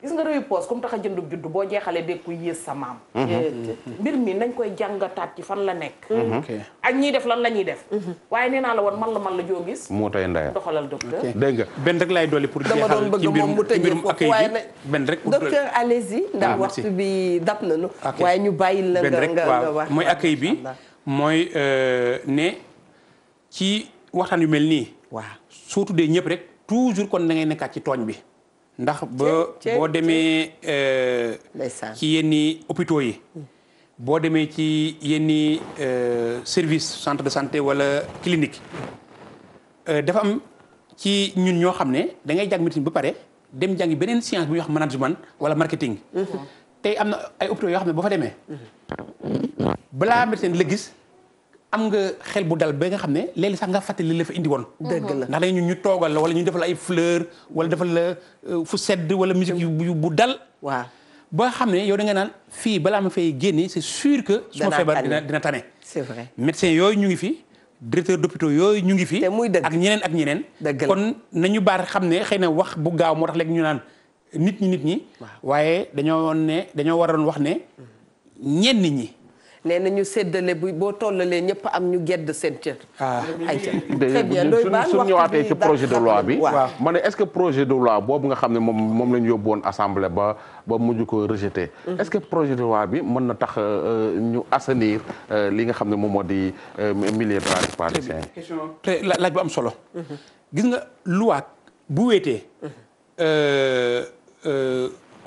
gis nga réew poos comme tax a jëndub juddu boo jeexalee de ku yées sa maam mhm. eh, mbir mi nañ koy jàngataat ci fan la nekk mhm. ak ñiy def lan la ñuy def mhm. waaye nee naa la woon man la man la joo gis moo tey ndaya doxalal docteur dégg nga benn rek laay dolli pour jeexal ci mbirum ci mbirum accueil bi benn rek docteur allez-y ah, ndax waxtu bi dab nañu waaye ñu bàyyi la nga nga wax mooy accueil bi mooy euh, ne ci waxtaan yu mel nii waaw soo tuddee ñëpp rek toujours kon da ngay nekkaat ci tooñ bi ndax bo boo demee euh, ci yenni hôpitaux yi boo demee ci yenni euh, service centre de santé wala clinique euh, dafa am ci ñun ñoo xam ne da ngay jàng médecine ba pare dem jàngi beneen science bu ñuy wax management wala marketing mhm. tey am na ay hôpitaux yoo xam ne boo fa demee balaa médecine la am nga xel bu dal ba nga xam ne léegi sax nga fàttali la fa indi woon. la ndax dañu ñu toogal la wala ñu defal la ay fleur wala defal euh, fu sedd wala musique yu bu dal. waaw ba xam ne yow da nga naan fii balaa ma fay génne c'est su ma feebar dina dina tane. c'est vrai yooyu ñu ngi fi. directeur d'hôpitaux yooyu ñu ngi fi. muy dëgg ak ñeneen ak ñeneen. dëgg kon nañu baar xam ne xëy na wax bu gaaw moo tax léegi ñu naan nit ñi nit ñi. waaye dañoo ne dañoo waroon wax ne ñenn ñi. nee na ñu séddale bu boo tollalee ñëpp am ñu gedd seen cër. Ah. ay cër très bien ñëwaatee ci projet de loi bi. ma ne est-ce que projet de loi boobu nga xam ne moom moom la ñu yóbbu woon assemblée ba ba mujj ko rejeté. Mhm. est-ce que projet de loi bi mën na tax euh, ñu assainir euh, li nga xam ne moom moo di euh, milieu rural parisien. très laaj bu am solo. Mhm. gis nga loi bu wéetee. Mhm.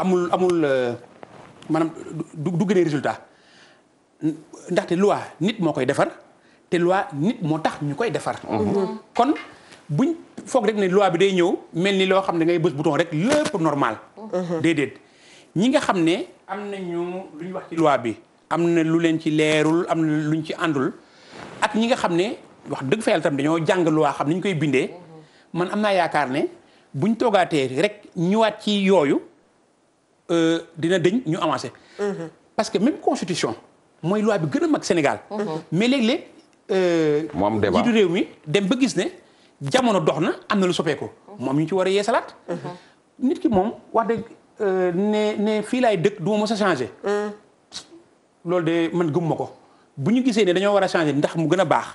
amul amul maanaam du gënee résultat. ndaxte loi nit moo koy defar te loi nit moo tax ñu koy defar. Mhm. Mhm. kon buñ foog rek ne loi bi day ñëw mel ni loo xam ne ngay bës bouton rek lépp normal. Mhm. déedéet ñi nga xam ne am nañu lu ñu wax ci bi. am na lu leen ci leerul am luñ ci àndul ak ñi nga xam ne wax dëgg fa tam dañoo jàng loi xam ni ñu koy bindee man am naa yaakaar ne bu ñu toogaatee rek ñëwaat ci yooyu euh, dina dëñ ñu avancé. parce que même constitution. mooy loi bi gën a mag Sénégal. mais léeg-léeg. mu am euh, réew mi dem ba gis ne jamono dox na am na lu soppeeku. moom ñu ci war a yeesalaat. nit ki moom wax dëgg euh, ne ne fii laay dëkk du ma mos a changé. Mmh. loolu de man gëmuma ko bu ñu gisee ne dañoo war a changé ndax mu gën a baax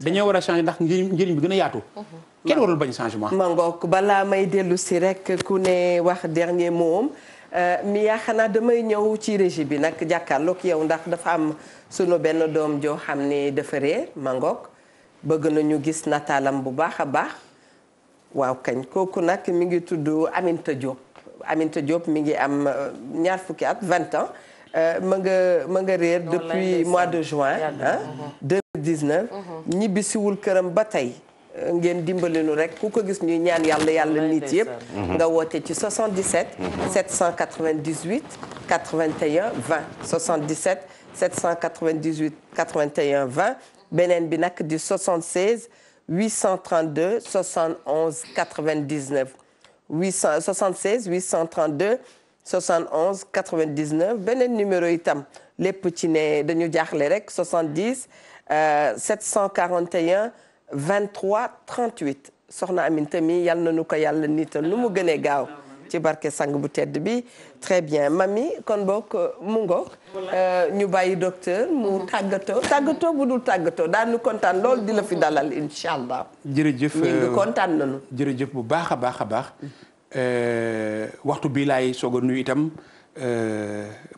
dañoo war a changé ndax njëriñ bi gën a yaatu. kenn warul bañ changement. ma ngoog balaa may dellu rek ku ne wax dernier mot Euh, mi yaa xanaa damay ñëw ci régie bi nag jàkkaarloog yow ndax dafa am sunu benn doom joo xam ni dafa réer mangoog bëgg nañu gis nataalam bu baax a baax waaw kañ kooku nag mi ngi tudd Aminta Diop Aminta Diop mi ngi am euh, ñaar fukki at 20 ans euh, ma nga ma nga réer depuis mois de juin ah 2019 mhm. ñibbisiwul këram ba tey ngeen dimbali nu rek ku ko gis ñuy ñaan yàlla yàlla nit yëpp. Mhm. nga woote ci 77. 798 81 20 77 798 81 20 beneen bi nag di 76 832 71 99 800 76 832 71 99 beneen numéro itam lépp ci ne dañu jaaxle rek 70 741. Euh, 23 38 soxna Aminta mi yal na nu ko yàlla niital nu mu gënee gaaw ci barke sang bu tedd bi très bien mami kon boog mu ngoog euh, ñu bàyyi docteur mu tàggatoo tàggatoo bu dul tàggatoo daanu kontaan lool di la fi dalal incha allah. jërëjëf ñu euh, kontaan nañu. jërëjëf bu baax a baax a baax euh, waxtu bii laay soog a itam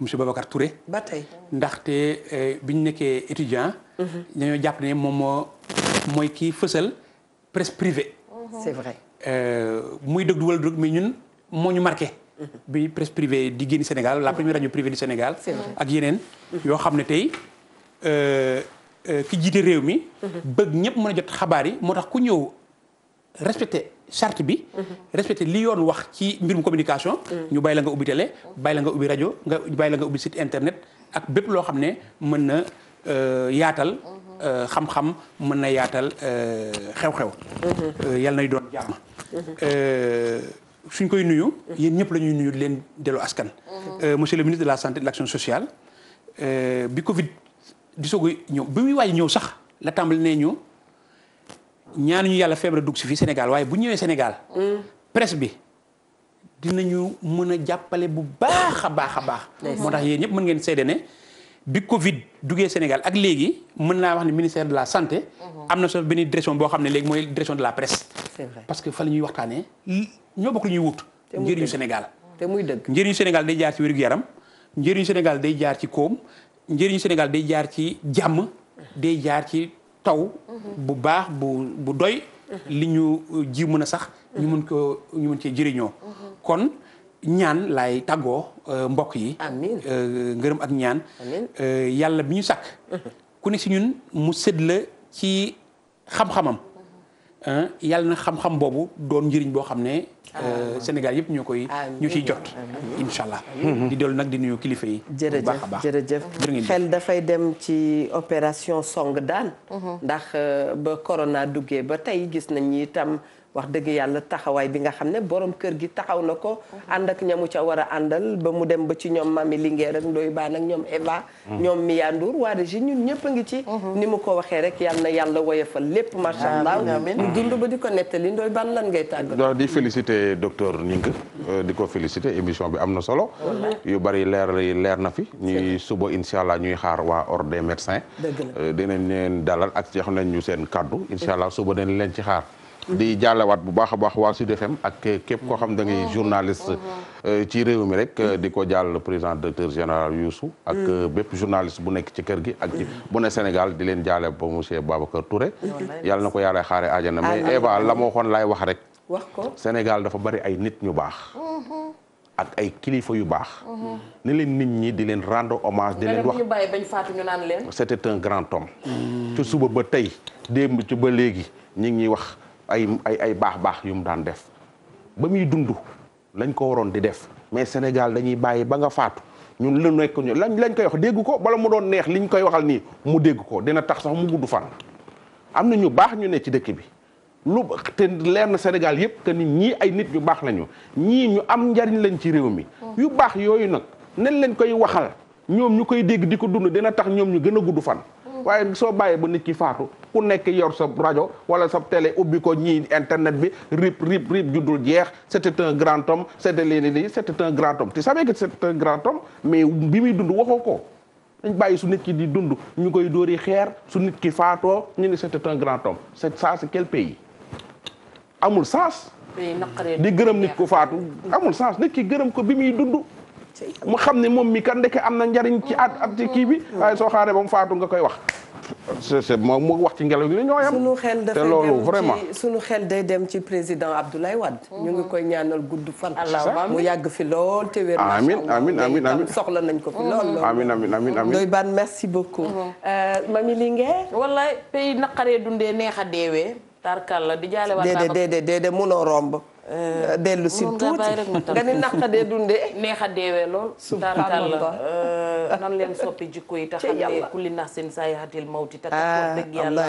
monsieur Babacar Touré. ba tey ndaxte biñ nekkee étudiant. Mmh. dañoo jàpp ne moom moo mooy kii fësal presse privée. Mmh. c'est euh, muy dëgg du wala dëgg mais ñun moo ñu marqué. Mmh. bi presse privée di génn Sénégal la première radio privée du Sénégal. ak yeneen. yoo xam ne tey euh, euh, ki jiite réew mi. bëgg ñëpp mën a jot xabaar yi moo tax ku ñëw respecté charte bi. respecté li yoon wax ci mbirum communication. ñu bàyyi la nga ubbi télé bàyyi la nga ubbi rajo nga bàyyi la nga ubbi site internet ak bépp loo xam ne mën na. Euh, yaatal. Euh, xam-xam mën na yaatal euh, xew-xew. yàlla nay doon jàmm. suñ koy nuyu. yéen ñëpp la ñuy nuyu leen delloo askan. monsieur le ministre de la santé et de l'action sociale bi Covid di soog a ñëw bi muy waaj ñëw sax la tàmbali nee ñu ñaanuñu yàlla feebre dugg si fii Sénégal waaye bu ñëwee Sénégal. presse bi dinañu mën a jàppale bu baax a baax a baax. moo tax yéen ñëpp mën ngeen seede bi Covid duggee Sénégal ak léegi mën naa wax ne ministère de la santé. Mhm. am na sa benn direction boo xam ne léegi mooy direction de la presse. parce que fa la ñuy waxtaanee ñoo bokk lu ñuy wut. njëriñu Sénégal. te muy dëgg njëriñu Sénégal day jaar ci wérgu yaram njëriñu Sénégal day jaar ci koom njëriñu Sénégal day jaar ci jàmm mhm. day jaar ci taw. Mhm. bu baax bu bu doy. li ñu euh, ji mën a sax. ñu mun ko ñu mën cee jëriñoo. kon. ñaan laay tàggoo euh, mbokk yi. amiin euh, ngërëm ak ñaan. Euh, yàlla bi ñu sàkk. (laughs) ku ne si ñun mu sëdd la ci xam-xamam. yàlla na xam-xam boobu doon njëriñ boo xam ne. Sénégal yëpp ñoo koy. ñu ciy jot. incha allah. di dellu nag di nuyu kilifa yi. bu baax a baax jërëjëf jërëjëf xel dafay dem ci opération song daan. Mhm. ndax ba corona duggee ba tey gis nañ itam. wax dëgg yàlla taxawaay bi xam ne borom kër gi taxaw na ko ànd ak ñamu ca war a àndal ba mu dem ba ci ñoom mami Linguère ak Ndoye Bane ak ñoom Eva ñoom Mia Ndour waa régie ñun ñëpp a ngi ci ni mu ko waxee rek yàlla na yàlla woyofal lépp macha allah ñu dund ba di ko nettali Ndoye Bane lan ngay tàgg di féliciter docteur Ngingue euh, di ko féliciter émission bi am na solo yu bari leer leer na fi ñuy suba incha allah ñuy xaar waa ordre des médecins euh, dinañ leen dalal ak ci xam nañ ñu seen kaddu incha suba dañ leen ci xaar di jàllewaat bu baax a baax waa Sud FM ak képp koo xam da ngay journaliste euh, ci réew mi rek euh, di ko jàll président directeur général Youssou ak euh, bépp journaliste bu nekk ci kër gi ak bu ne Sénégal di leen jàlle ba monsieur Babacar Touré yàlla na ko yàlla xaare àjjana mais Eva la moo laay wax rek Sénégal dafa bari ay nit ñu baax ak ay kilifa yu baax ni leen nit ñi di leen rendre hommage di leen wax ñu bàyyi bañ faatu ñu grand homme ci suba ba tey démb ci ba léegi ñi ngi ñuy wax ay ay ay baax-baax yu mu daan def ba muy dund lañ ko waroon di def mais Sénégal dañuy bàyyi ba nga faatu ñun lu nekk ñu lañ koy wax dégg ko bala mu doon neex liñ koy waxal nii mu dégg ko dina tax sax mu gudd fan. am na ñu baax ñu ne ci dëkk bi lu te leer na Sénégal yëpp que nit ñii ay nit ñu baax lañu ñii ñu am njariñ lañ ci réew mi. Mm. yu baax yooyu nag nañ leen koy waxal ñoom ñu koy dégg di ko dund dina tax ñoom ñu gën a gudd fan. Mm. waaye soo bàyyee ba nit ki faatu ku nekk yor sa rajo wala sa télé ubbi ko ñii internet bi rip rip rip judul jeex c'était un grand homme c'était léegi nii c'était un grand homme tu savais que c'était un grand homme mais bi muy dund waxoo ko dañ bàyyi su nit ki di dund ñu koy dóori xeer su nit ki faatoo ñu ne c'était un grand homme c'est ça c'est quel pays amul sens di gërëm nit ko faatu amul sens nit ki gërëm ko bi muy dund mu xam ne moom mi kan ndeke am na njariñ ci at at ci kii bi mm. waaye soo xaaree ba mu faatu nga koy wax c'est moom mu wax ci ngelaw li ñoo yam sunu xel dafay dem te loolu vraiment sunu xel day dem ci président Abdoulaye Wade. Oh, ñu ngi koy ñaanal gudd fan. mu yàgg fi lool te wér. amiin amiin soxla nañ ko fi mm-hmm. lool. amiin amiin amiin amiin doy baan merci beaucoup. Mm-hmm. Euh, mami Linguère. wallaay pays naqaree dundee neex a deewee. tarkal la di jaale de déedéet déedéet déedéet munoo romb. Euh, dellu si tuuti nga ni naqadee dundee. (laughs) neex a deewee lool. subhanallah euh, na leen soppi jikko yi tax xam ne kulli nafsin zaa'iqatul mawti. ah wallaay dëgg yàlla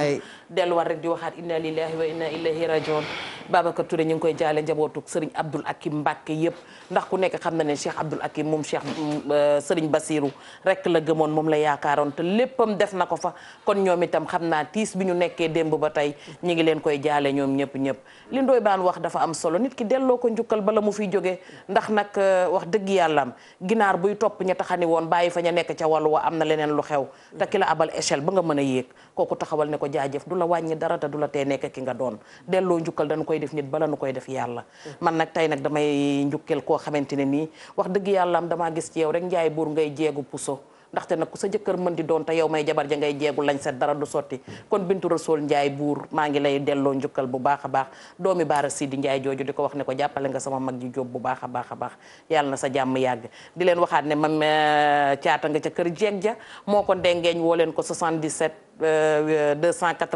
delluwaat rek di waxaat inna lillahi wa inna ilayhi rajiun. Babacar Touré ñu ngi koy jaale njabootu Serigne Abdoul Akim Mbacke yëpp ndax ku nekk xam na ne Cheikh Abdoul Akim moom Cheikh mm, euh, Serigne basiiru rek la gëmoon moom la yaakaaroon te léppam def na ko fa kon ñoom itam xam naa tiis bi ñu nekkee démb ba tey ñu ngi leen koy jaale ñoom ñëpp ñëpp nit ki delloo ko njukkal bala mu fiy jógee ndax nag euh, wax dëgg yàllaam ginaar buy topp ña taxani woon bàyyi fa ña nekk ca wàllu wa am na leneen lu xew te ki la abal échelle ba nga mën a yéeg kooku taxawal ne ko jaajëf du la wàññi dara te du la tee nekk ki nga doon delloo njukkal dañu koy def nit bala nu koy def yàlla man nag tey nag damay njukkal koo xamante ne nii wax dëgg yàllaam damaa gis ci yow rek njaay buur ngay jeegu puso ndaxte nag ku sa jëkkër mën di doon te yow may jabar ja ngay jeegul lañ set dara du sotti kon bintu rasool njaay buur maa ngi lay delloo njukkal bu baax a baax doomi baara sidi njaay jooju di ko wax ne ko jàppale nga sama mag ji jóob bu baax a baax a baax yàlla na sa jàmm yàgg di leen waxaat ne mam eh, caata nga ca kër jeeg ja moo ko dengeeñ woo leen ko 77 280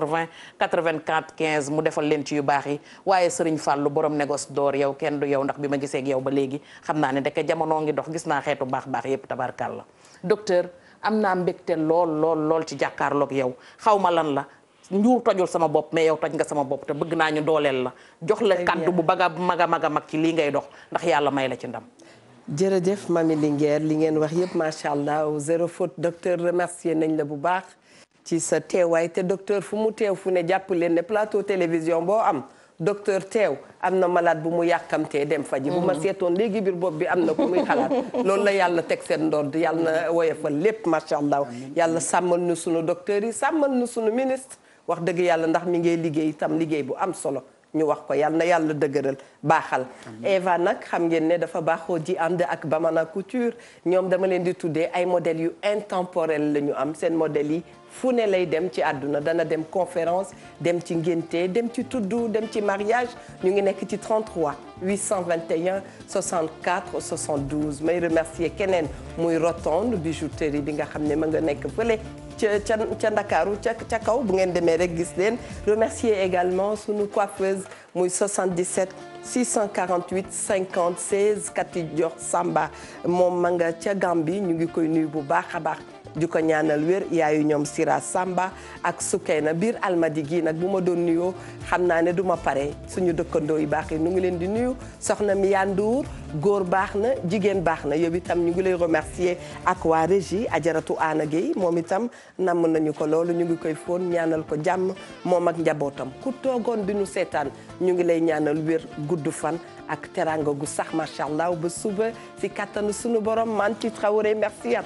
84 15 mu defal leen ci yu baax yi waaye Serigne Fallou borom négoce d'or yow kenn du yow ndax bi ma gisee ak yow ba léegi xam naa ne ndeke jamono ngi dox gis naa xeetu baax baax yépp tabarkàlla docteur am naa mbégte lool lool lool ci jàkkaarloog yow xaw ma lan la njuur tojul sama bopp mais yow toj nga sama bopp te bëgg naa ñu dooleel la jox la kàddu bu baga mag a mag a mag ci lii ngay dox ndax yàlla may la ci ndam jërëjëf mami Linguère li ngeen wax yëpp macha allah zéro faute docteur remercier nañ la bu baax ci sa teewaay te docteur fu mu teew fu ne jàpp leen ne plateau télévision boo am docteur teew am na malaat bu mu yàkkamtee dem faji bu ma mm-hmm. seetoon léegi biir bopp bi am na ku muy xalaat (laughs) loolu la yàlla teg seen ndodd yàlla na woyofal lépp macha allah yàlla sàmmal nu sunu docteurs yi sàmmal nu sunu ministre wax dëgg yàlla ndax mi ngay liggéey itam liggéey bu am solo ñu wax ko yàlla na yàlla dëgëral baaxal Eva nag xam ngeen ne dafa baaxoo ji ànd ak Bamana Couture ñoom dama leen di tuddee ay modèles yu intemporel la ñu am seen modèles yi fu ne lay dem ci àdduna dana dem conférence dem ci ngénte dem ci tuddu dem ci mariage ñu ngi nekk ci 33 821 64 72 may remercier keneen muy rotonde bijouterie bi nga xam ne ma nga nekk fële ca ca ca Ndakaaru ca ca kaw bu ngeen demee rek gis leen remercier également sunu coiffeuse muy 77 648 50 16 Kati Dior Samba moom ma nga ca Gambie ñu ngi koy nuyu bu baax a baax. di ko ñaanal wér yaayu ñoom siraa sàmba ak Sukeyna biir almadi gi nag bu ma doon nuyoo xam naa ne duma pare suñu dëkkandoo yu baax yi nu ngi leen di nuyu soxna mi yanduur góor baax na jigéen baax na yow itam ñu ngi lay remercier ak waa régie ajaratu Anna Gueye moom itam namm nañu ko loolu ñu ngi koy foon ñaanal ko jàmm moom ak njabootam ku toogoon di nu seetaan ñu ngi lay ñaanal wér gudd fan ak teranga gu sax macha allah ba suba si kattanu sunu borom Manti Traoré merci à